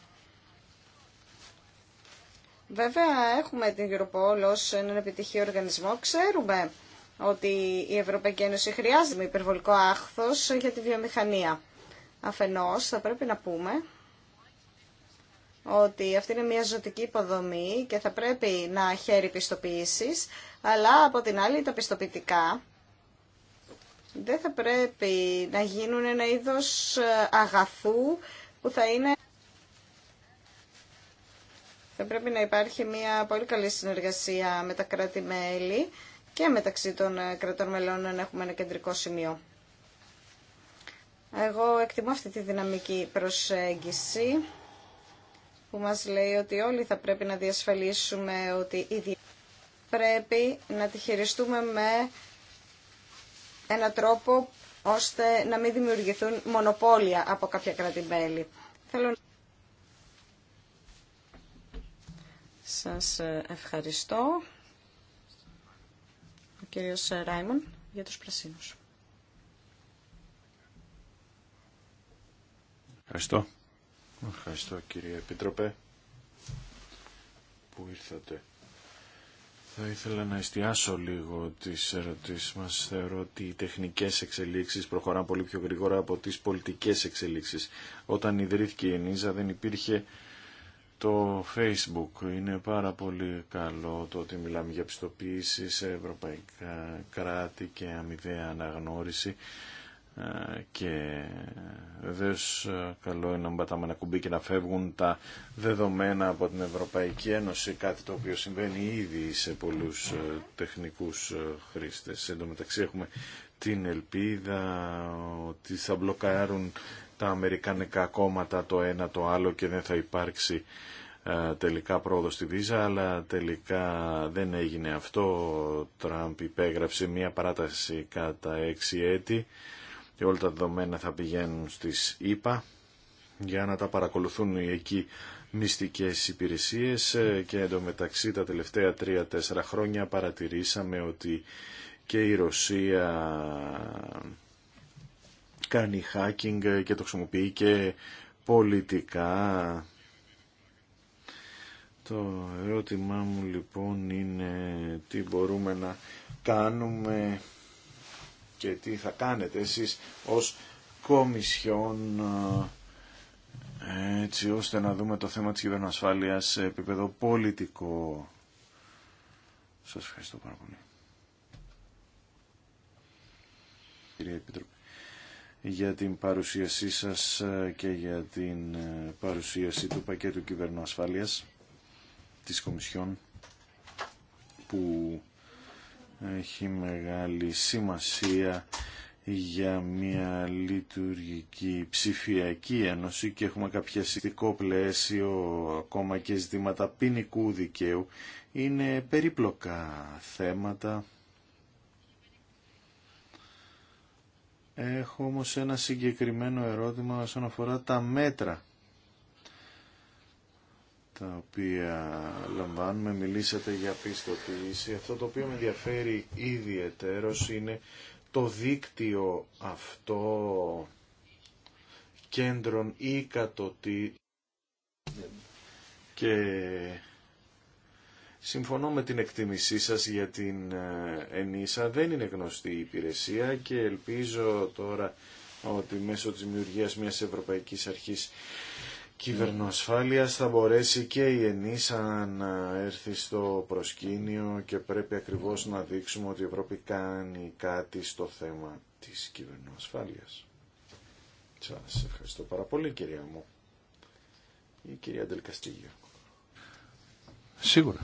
Βέβαια έχουμε την Europol ως έναν επιτυχή οργανισμό. Ξέρουμε ότι η Ευρωπαϊκή Ένωση χρειάζεται με υπερβολικό άχθος για τη βιομηχανία. Αφενός θα πρέπει να πούμε ότι αυτή είναι μια ζωτική υποδομή και θα πρέπει να χαίρει πιστοποίηση, αλλά από την άλλη τα πιστοποιητικά δεν θα πρέπει να γίνουν ένα είδος ε, αγαθού που θα είναι θα πρέπει να υπάρχει μια πολύ καλή συνεργασία με τα κράτη-μέλη και μεταξύ των ε, κρατών μελών να έχουμε ένα κεντρικό σημείο. Εγώ εκτιμώ αυτή τη δυναμική προσέγγιση που μας λέει ότι όλοι θα πρέπει να διασφαλίσουμε ότι ήδη πρέπει να τη χειριστούμε με ένα τρόπο ώστε να μην δημιουργηθούν μονοπόλια από κάποια κράτη-μέλη. Θέλω Σας ευχαριστώ. Ο κύριος Ράιμον για τους πρασίνους.
Ευχαριστώ. Ευχαριστώ κύριε Επίτροπε που ήρθατε. Θα ήθελα να εστιάσω λίγο τις ερωτήσεις μας. Θεωρώ ότι οι τεχνικές εξελίξεις προχωράν πολύ πιο γρήγορα από τις πολιτικές εξελίξεις. Όταν ιδρύθηκε η ΕΝΙΖΑ δεν υπήρχε το Facebook. Είναι πάρα πολύ καλό το ότι μιλάμε για πιστοποίηση σε ευρωπαϊκά κράτη και αμοιβαία αναγνώριση και βεβαίω καλό είναι να πατάμε ένα κουμπί και να φεύγουν τα δεδομένα από την Ευρωπαϊκή Ένωση, κάτι το οποίο συμβαίνει ήδη σε πολλούς τεχνικούς χρήστες. Εν τω μεταξύ έχουμε την ελπίδα ότι θα μπλοκάρουν τα αμερικανικά κόμματα το ένα το άλλο και δεν θα υπάρξει ε, τελικά πρόοδο στη Βίζα, αλλά τελικά δεν έγινε αυτό. Ο Τραμπ υπέγραψε μία παράταση κατά έξι έτη και όλα τα δεδομένα θα πηγαίνουν στις ΗΠΑ για να τα παρακολουθούν οι εκεί μυστικές υπηρεσίες ε, και εντωμεταξύ τα τελευταία τρία-τέσσερα χρόνια παρατηρήσαμε ότι και η Ρωσία κάνει hacking και το χρησιμοποιεί και πολιτικά. Το ερώτημά μου λοιπόν είναι τι μπορούμε να κάνουμε και τι θα κάνετε εσείς ως κομισιόν έτσι ώστε να δούμε το θέμα της κυβερνοασφάλειας σε επίπεδο πολιτικό. Σας ευχαριστώ πάρα πολύ. Κύριε για την παρουσίασή σας ε, και για την ε, παρουσίαση του πακέτου κυβερνοασφάλειας της Κομισιόν που έχει μεγάλη σημασία για μια λειτουργική ψηφιακή ένωση και έχουμε κάποια συστικό πλαίσιο ακόμα και ζητήματα ποινικού δικαίου. Είναι περίπλοκα θέματα Έχω όμως ένα συγκεκριμένο ερώτημα όσον αφορά τα μέτρα τα οποία λαμβάνουμε. Μιλήσατε για πιστοποίηση. Αυτό το οποίο με ενδιαφέρει ιδιαιτέρως είναι το δίκτυο αυτό κέντρων ή κατοτή και Συμφωνώ με την εκτίμησή σας για την ε, ΕΝΙΣΑ. Δεν είναι γνωστή η υπηρεσία και ελπίζω τώρα ότι μέσω της δημιουργία μιας Ευρωπαϊκής Αρχής Κυβερνοασφάλειας θα μπορέσει και η ΕΝΙΣΑ να έρθει στο προσκήνιο και πρέπει ακριβώς να δείξουμε ότι η Ευρώπη κάνει κάτι στο θέμα της κυβερνοασφάλειας. Σας ευχαριστώ πάρα πολύ κυρία μου. Η κυρία Ντελκαστήγιο.
Σίγουρα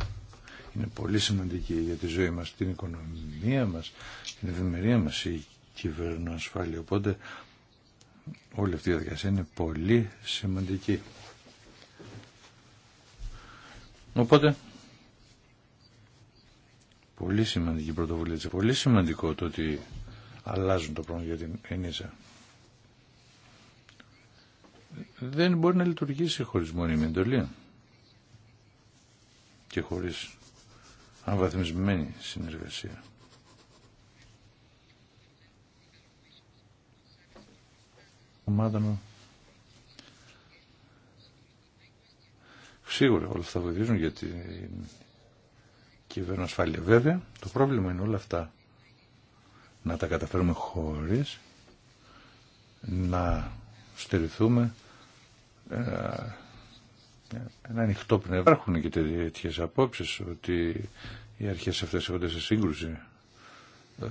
είναι πολύ σημαντική για τη ζωή μας, την οικονομία μας, την ευημερία μας, η ασφάλεια. Οπότε όλη αυτή η διαδικασία είναι πολύ σημαντική. Οπότε, πολύ σημαντική πρωτοβουλία της. Πολύ σημαντικό το ότι αλλάζουν το πρόγραμμα για την ΕΝΙΖΑ. Δεν μπορεί να λειτουργήσει χωρίς μόνιμη εντολή και χωρίς αναβαθμισμένη συνεργασία. Ομάδα Σίγουρα όλα αυτά βοηθήσουν για την κυβέρνηση ασφάλεια. Βέβαια, το πρόβλημα είναι όλα αυτά να τα καταφέρουμε χωρίς να στερηθούμε ε, ένα ανοιχτό πνεύμα. Υπάρχουν και τέτοιες απόψεις ότι οι αρχέ αυτές έχουν σε σύγκρουση ε,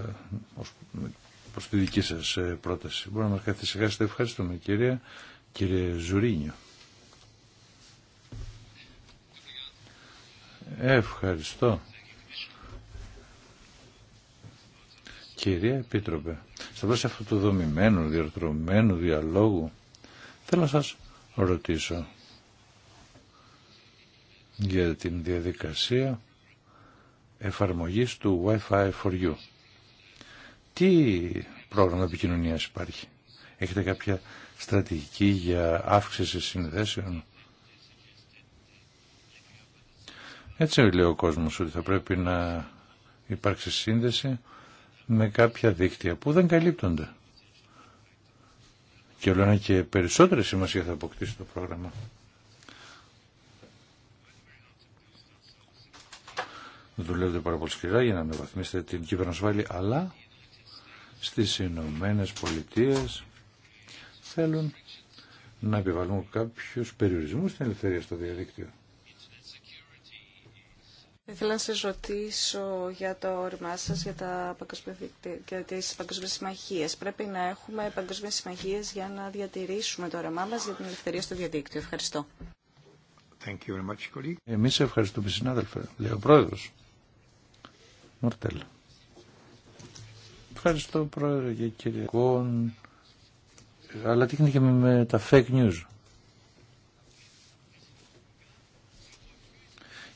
τη δική σας ε, πρόταση. Μπορεί να μα καθησυχάσετε. Ευχαριστούμε κυρία. Κύριε Ζουρίνιο. Ευχαριστώ. Κυρία Επίτροπε, στα πλαίσια αυτού του δομημένου, διαρθρωμένου διαλόγου, θέλω να σας ρωτήσω για την διαδικασία εφαρμογής του Wi-Fi for You. Τι πρόγραμμα επικοινωνίας υπάρχει. Έχετε κάποια στρατηγική για αύξηση συνδέσεων. Έτσι λέει ο κόσμος ότι θα πρέπει να υπάρξει σύνδεση με κάποια δίκτυα που δεν καλύπτονται. Και όλο ένα και περισσότερη σημασία θα αποκτήσει το πρόγραμμα. δουλεύετε πάρα πολύ σκληρά για να αναβαθμίσετε την κυβερνοσφάλεια, αλλά στις Ηνωμένε Πολιτείε θέλουν να επιβαλούν κάποιους περιορισμούς στην ελευθερία στο διαδίκτυο.
Ήθελα να σα ρωτήσω για το όριμά σα για, για τις παγκοσμίες συμμαχίες. Πρέπει να έχουμε παγκοσμίες συμμαχίε για να διατηρήσουμε το όρεμά μας για την ελευθερία στο διαδίκτυο. Ευχαριστώ.
Εμεί ευχαριστούμε συνάδελφε, λέει ο Ευχαριστώ πρόεδρε και κύριε Κον. Αλλά τι γίνεται και με τα fake news.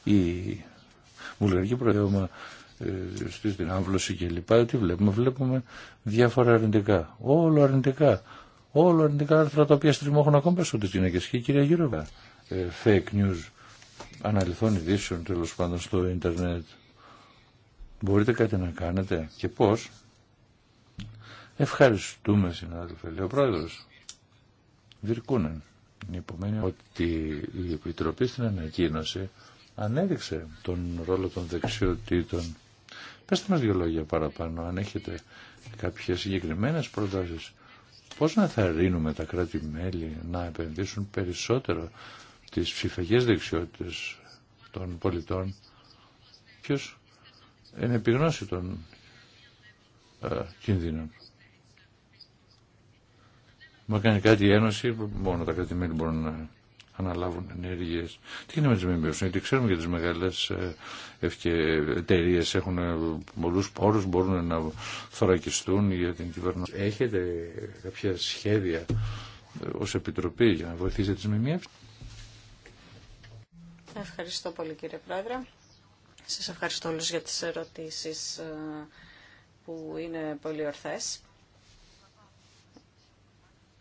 Η βουλγαρική προεδρεύμα ε, στην άμβλωση και λοιπά, τι βλέπουμε, βλέπουμε διάφορα αρνητικά, όλο αρνητικά, όλο αρνητικά άρθρα τα οποία στριμώχουν ακόμα περισσότερο τις γυναίκες και η κυρία Γιώργα, ε, fake news, αναλυθών ειδήσεων τέλο πάντων στο ίντερνετ. Μπορείτε κάτι να κάνετε και πώς. Ευχαριστούμε συνάδελφε, λέει ο πρόεδρος. Βυρκούνεν. Υπομένει ότι η Επιτροπή στην ανακοίνωση ανέδειξε τον ρόλο των δεξιοτήτων. Πεςτε μας δύο λόγια παραπάνω, αν έχετε κάποιες συγκεκριμένες προτάσεις. Πώς να θαρρύνουμε τα κράτη-μέλη να επενδύσουν περισσότερο τις ψηφιακές δεξιότητες των πολιτών. Ποιος εν επιγνώση των ε, κινδύνων. Μα κάνει κάτι η Ένωση, μόνο τα κρατημέλη μπορούν να αναλάβουν ενέργειες. Τι είναι με τις ΜΜΕ, γιατί ξέρουμε για τις μεγάλες ε, εταιρείε έχουν ε, πολλούς πόρους, μπορούν να θωρακιστούν για την κυβέρνηση. Έχετε κάποια σχέδια ε, ως Επιτροπή για να βοηθήσετε τις ΜΜΕ.
Ευχαριστώ πολύ κύριε Πρόεδρε. Σας ευχαριστώ όλους για τις ερωτήσεις ε, που είναι πολύ ορθές.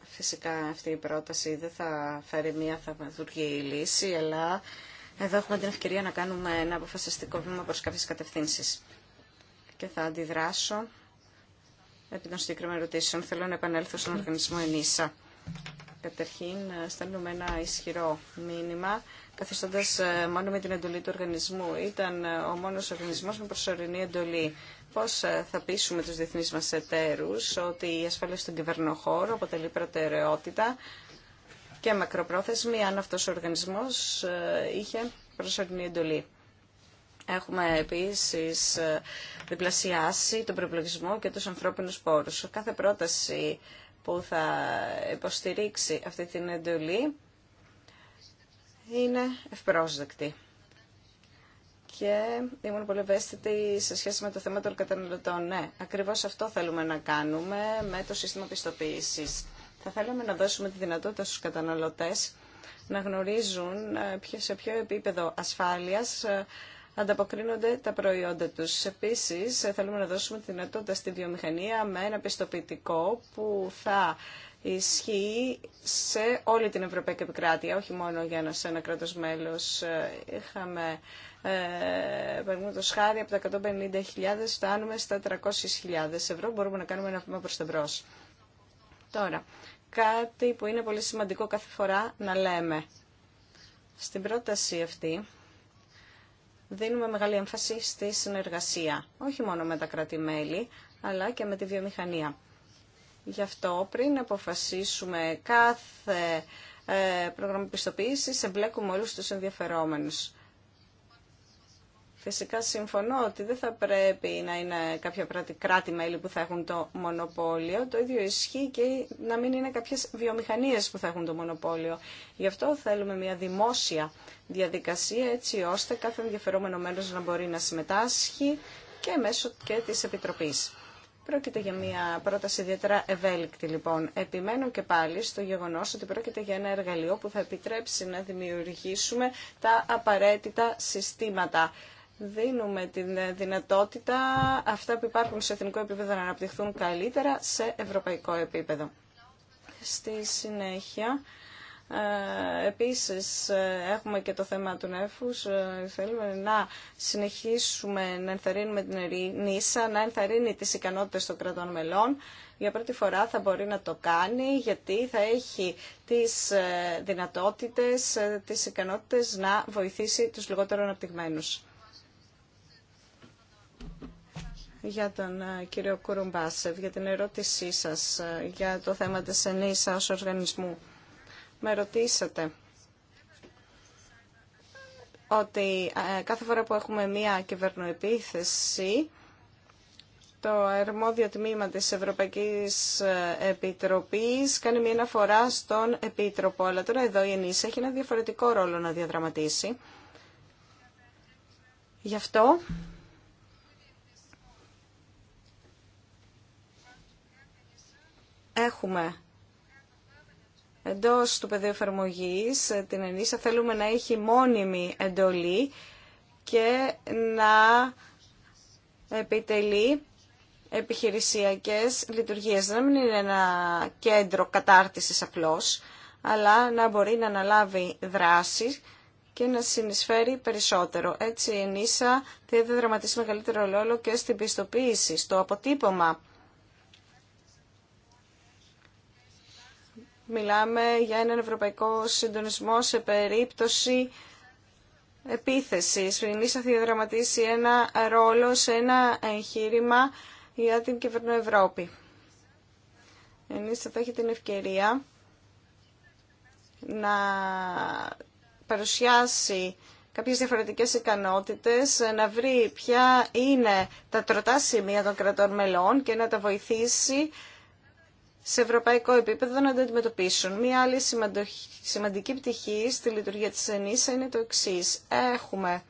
Φυσικά αυτή η πρόταση δεν θα φέρει μια θαυματουργή λύση, αλλά εδώ έχουμε την ευκαιρία να κάνουμε ένα αποφασιστικό βήμα προς κάποιες κατευθύνσεις. Και θα αντιδράσω επί των συγκεκριμένων ερωτήσεων. Θέλω να επανέλθω στον οργανισμό ΕΝΙΣΑ. Καταρχήν, ε, στέλνουμε ένα ισχυρό μήνυμα, καθιστώντα ε, μόνο με την εντολή του οργανισμού. Ήταν ε, ο μόνος οργανισμός με προσωρινή εντολή. Πώς θα πείσουμε τους διεθνεί μα εταίρου ότι η ασφάλεια στον κυβερνοχώρο αποτελεί προτεραιότητα και μακροπρόθεσμη, αν αυτό ο οργανισμός είχε προσωρινή εντολή. Έχουμε επίσης διπλασιάσει τον προπλογισμό και του ανθρώπινου πόρου. Κάθε πρόταση που θα υποστηρίξει αυτή την εντολή είναι ευπρόσδεκτη. Και ήμουν πολύ ευαίσθητη σε σχέση με το θέμα των καταναλωτών. Ναι, ακριβώς αυτό θέλουμε να κάνουμε με το σύστημα πιστοποίησης. Θα θέλαμε να δώσουμε τη δυνατότητα στους καταναλωτές να γνωρίζουν ε, σε ποιο επίπεδο ασφάλειας ε, ανταποκρίνονται τα προϊόντα τους. Επίσης, θέλουμε να δώσουμε τη δυνατότητα στη βιομηχανία με ένα πιστοποιητικό που θα ισχύει σε όλη την Ευρωπαϊκή Επικράτεια, όχι μόνο για ένα, σε ένα κράτος μέλος. Είχαμε, ε, χάρη, από τα 150.000 φτάνουμε στα 300.000 ευρώ. Μπορούμε να κάνουμε ένα βήμα προ τα μπρο. Τώρα, κάτι που είναι πολύ σημαντικό κάθε φορά να λέμε. Στην πρόταση αυτή δίνουμε μεγάλη έμφαση στη συνεργασία, όχι μόνο με τα κράτη-μέλη, αλλά και με τη βιομηχανία. Γι' αυτό πριν αποφασίσουμε κάθε ε, πρόγραμμα πιστοποίησης, εμπλέκουμε όλους τους ενδιαφερόμενους. Φυσικά συμφωνώ ότι δεν θα πρέπει να είναι κάποια κράτη-μέλη που θα έχουν το μονοπόλιο. Το ίδιο ισχύει και να μην είναι κάποιες βιομηχανίες που θα έχουν το μονοπόλιο. Γι' αυτό θέλουμε μια δημόσια διαδικασία έτσι ώστε κάθε ενδιαφερόμενο μέλος να μπορεί να συμμετάσχει και μέσω και της Επιτροπής. Πρόκειται για μια πρόταση ιδιαίτερα ευέλικτη λοιπόν. Επιμένω και πάλι στο γεγονός ότι πρόκειται για ένα εργαλείο που θα επιτρέψει να δημιουργήσουμε τα απαραίτητα συστήματα δίνουμε τη δυνατότητα αυτά που υπάρχουν σε εθνικό επίπεδο να αναπτυχθούν καλύτερα σε ευρωπαϊκό επίπεδο. Στη συνέχεια, ε, Επίσης ε, έχουμε και το θέμα του νέφους. Ε, θέλουμε να συνεχίσουμε να ενθαρρύνουμε την ΕΡΙΝΙΣΑ, να ενθαρρύνει τις ικανότητες των κρατών μελών. Για πρώτη φορά θα μπορεί να το κάνει γιατί θα έχει τις δυνατότητες, τις ικανότητες να βοηθήσει τους λιγότερο αναπτυγμένους. για τον ε, κύριο Κουρουμπάσεβ, για την ερώτησή σας ε, για το θέμα της ενίσα ως οργανισμού. Με ρωτήσατε ότι ε, κάθε φορά που έχουμε μία κυβερνοεπίθεση, το αρμόδιο τμήμα της Ευρωπαϊκής Επιτροπής κάνει μία αναφορά στον Επίτροπο. Αλλά τώρα εδώ η ΕΝΗΣΑ έχει ένα διαφορετικό ρόλο να διαδραματίσει. Γι' αυτό έχουμε εντός του πεδίου εφαρμογή την ενίσα θέλουμε να έχει μόνιμη εντολή και να επιτελεί επιχειρησιακές λειτουργίες. Δεν μην είναι ένα κέντρο κατάρτισης απλώς, αλλά να μπορεί να αναλάβει δράση και να συνεισφέρει περισσότερο. Έτσι η ΕΝΗΣΑ θα δραματίσει μεγαλύτερο ρόλο και στην πιστοποίηση, στο αποτύπωμα μιλάμε για έναν ευρωπαϊκό συντονισμό σε περίπτωση επίθεση. Η θα διαδραματίσει ένα ρόλο σε ένα εγχείρημα για την κυβερνοευρώπη. Εμείς θα έχει την ευκαιρία να παρουσιάσει κάποιες διαφορετικές ικανότητες, να βρει ποια είναι τα τροτά σημεία των κρατών μελών και να τα βοηθήσει σε ευρωπαϊκό επίπεδο να αντιμετωπίσουν. Μία άλλη σημαντική πτυχή στη λειτουργία της ΕΝΗΣΑ είναι το εξή. Έχουμε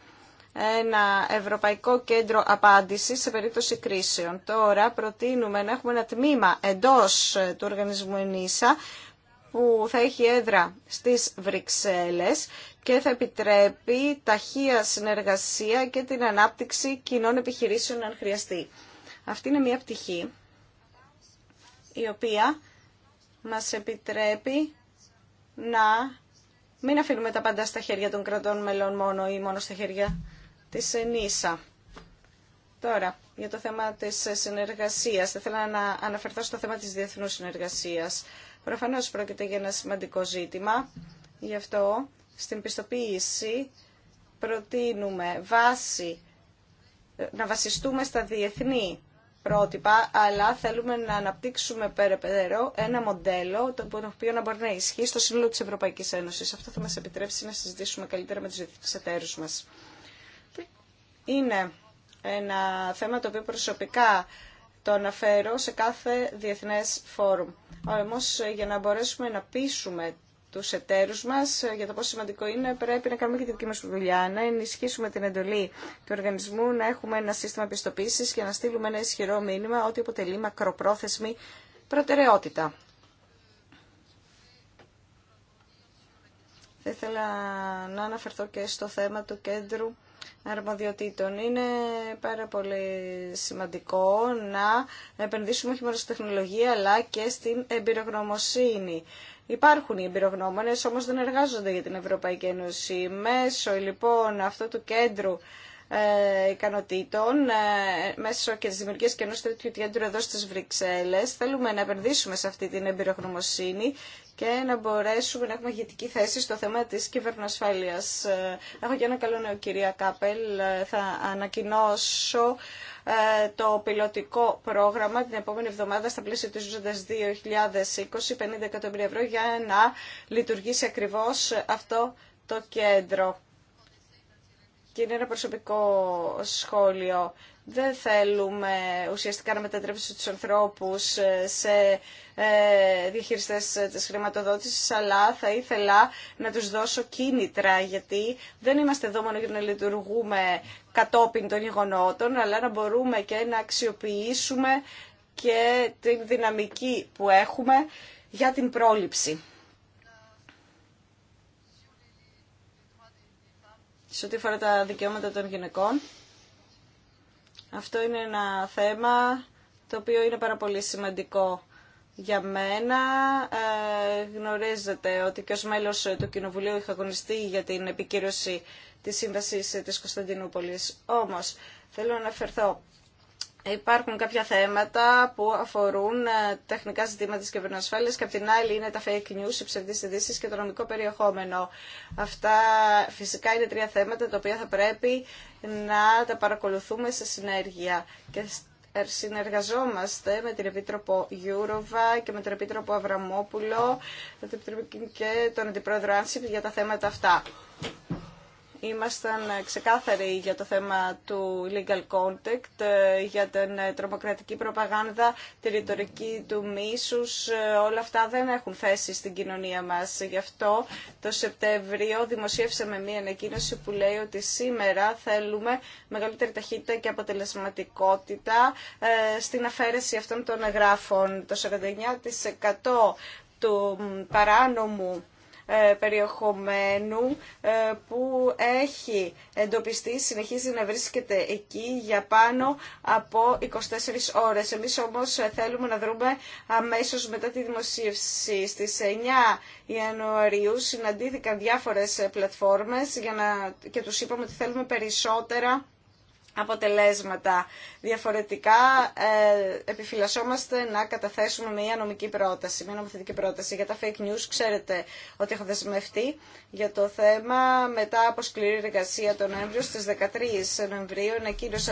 ένα Ευρωπαϊκό Κέντρο Απάντησης σε περίπτωση κρίσεων. Τώρα προτείνουμε να έχουμε ένα τμήμα εντός ε, του οργανισμού ΕΝΗΣΑ που θα έχει έδρα στις Βρυξέλλες και θα επιτρέπει ταχεία συνεργασία και την ανάπτυξη κοινών επιχειρήσεων αν χρειαστεί. Αυτή είναι μια πτυχή η οποία μας επιτρέπει να μην αφήνουμε τα πάντα στα χέρια των κρατών μελών μόνο ή μόνο στα χέρια της ΕΝΙΣΑ. Τώρα, για το θέμα της συνεργασίας. Θα ήθελα να αναφερθώ στο θέμα της διεθνούς συνεργασίας. Προφανώς πρόκειται για ένα σημαντικό ζήτημα. Γι' αυτό στην πιστοποίηση προτείνουμε βάση, να βασιστούμε στα διεθνή πρότυπα, αλλά θέλουμε να αναπτύξουμε περαιτέρω ένα μοντέλο το οποίο να μπορεί να ισχύει στο σύνολο της Ευρωπαϊκής Ένωσης. Αυτό θα μας επιτρέψει να συζητήσουμε καλύτερα με τους διεθνείς εταίρους μας. Είναι ένα θέμα το οποίο προσωπικά το αναφέρω σε κάθε διεθνές φόρουμ. Όμω, για να μπορέσουμε να πείσουμε τους εταίρους μας ε, για το πόσο σημαντικό είναι πρέπει να κάνουμε και τη δική μας δουλειά, να ενισχύσουμε την εντολή του οργανισμού, να έχουμε ένα σύστημα πιστοποίησης και να στείλουμε ένα ισχυρό μήνυμα ότι αποτελεί μακροπρόθεσμη προτεραιότητα. Θα ήθελα να αναφερθώ και στο θέμα του κέντρου αρμοδιοτήτων. Είναι πάρα πολύ σημαντικό να επενδύσουμε όχι μόνο στη τεχνολογία αλλά και στην εμπειρογνωμοσύνη. Υπάρχουν οι εμπειρογνώμονε όμως δεν εργάζονται για την Ευρωπαϊκή Ένωση. Μέσω λοιπόν αυτού του κέντρου ε, ικανοτήτων ε, μέσω και τη δημιουργία και ενό τέτοιου κέντρου εδώ στι Βρυξέλλε. Θέλουμε να επενδύσουμε σε αυτή την εμπειρογνωμοσύνη και να μπορέσουμε να έχουμε ηγετική θέση στο θέμα τη της Ε, Έχω και ένα καλό νέο, κυρία Κάπελ. Ε, θα ανακοινώσω το πιλωτικό πρόγραμμα την επόμενη εβδομάδα στα πλαίσια του 2020, 50 εκατομμύρια ευρώ για να λειτουργήσει ακριβώ αυτό το κέντρο. Και είναι ένα προσωπικό σχόλιο. Δεν θέλουμε ουσιαστικά να μετατρέψουμε τους ανθρώπους ε, σε ε, διαχειριστές της χρηματοδότησης, αλλά θα ήθελα να τους δώσω κίνητρα, γιατί δεν είμαστε εδώ μόνο για να λειτουργούμε κατόπιν των γεγονότων, αλλά να μπορούμε και να αξιοποιήσουμε και την δυναμική που έχουμε για την πρόληψη. σε ό,τι αφορά τα δικαιώματα των γυναικών. Αυτό είναι ένα θέμα το οποίο είναι πάρα πολύ σημαντικό για μένα. Ε, γνωρίζετε ότι και ως μέλος του Κοινοβουλίου είχα αγωνιστεί για την επικύρωση της Σύμβασης της Κωνσταντινούπολης. Όμως, θέλω να αναφερθώ Υπάρχουν κάποια θέματα που αφορούν ε, τεχνικά ζητήματα της κυβερνοασφάλειας και από την άλλη είναι τα fake news, οι ψευδείς ειδήσει και το νομικό περιεχόμενο. Αυτά φυσικά είναι τρία θέματα τα οποία θα πρέπει να τα παρακολουθούμε σε συνέργεια. Και ε, συνεργαζόμαστε με την Επίτροπο Γιούροβα και με τον Επίτροπο Αβραμόπουλο και τον Αντιπρόεδρο Άνσιπ για τα θέματα αυτά. Ήμασταν ξεκάθαροι για το θέμα του legal contact, ε, για την ε, τρομοκρατική προπαγάνδα, τη ρητορική του μίσους. Ε, όλα αυτά δεν έχουν θέση στην κοινωνία μας. Γι' αυτό το Σεπτέμβριο δημοσίευσαμε μία ανακοίνωση που λέει ότι σήμερα θέλουμε μεγαλύτερη ταχύτητα και αποτελεσματικότητα στην αφαίρεση αυτών των εγγράφων. Το 49% του παράνομου ε, περιεχομένου ε, που έχει εντοπιστεί, συνεχίζει να βρίσκεται εκεί για πάνω από 24 ώρες. Εμείς όμως θέλουμε να δρούμε αμέσως μετά τη δημοσίευση στις 9 Ιανουαρίου συναντήθηκαν διάφορες πλατφόρμες για να... και τους είπαμε ότι θέλουμε περισσότερα αποτελέσματα. Διαφορετικά ε, επιφυλασσόμαστε να καταθέσουμε μια νομική πρόταση, μια νομοθετική πρόταση. Για τα fake news ξέρετε ότι έχω δεσμευτεί για το θέμα μετά από σκληρή εργασία τον Νοέμβριο στις 13 Νοεμβρίου ανακοίνωσα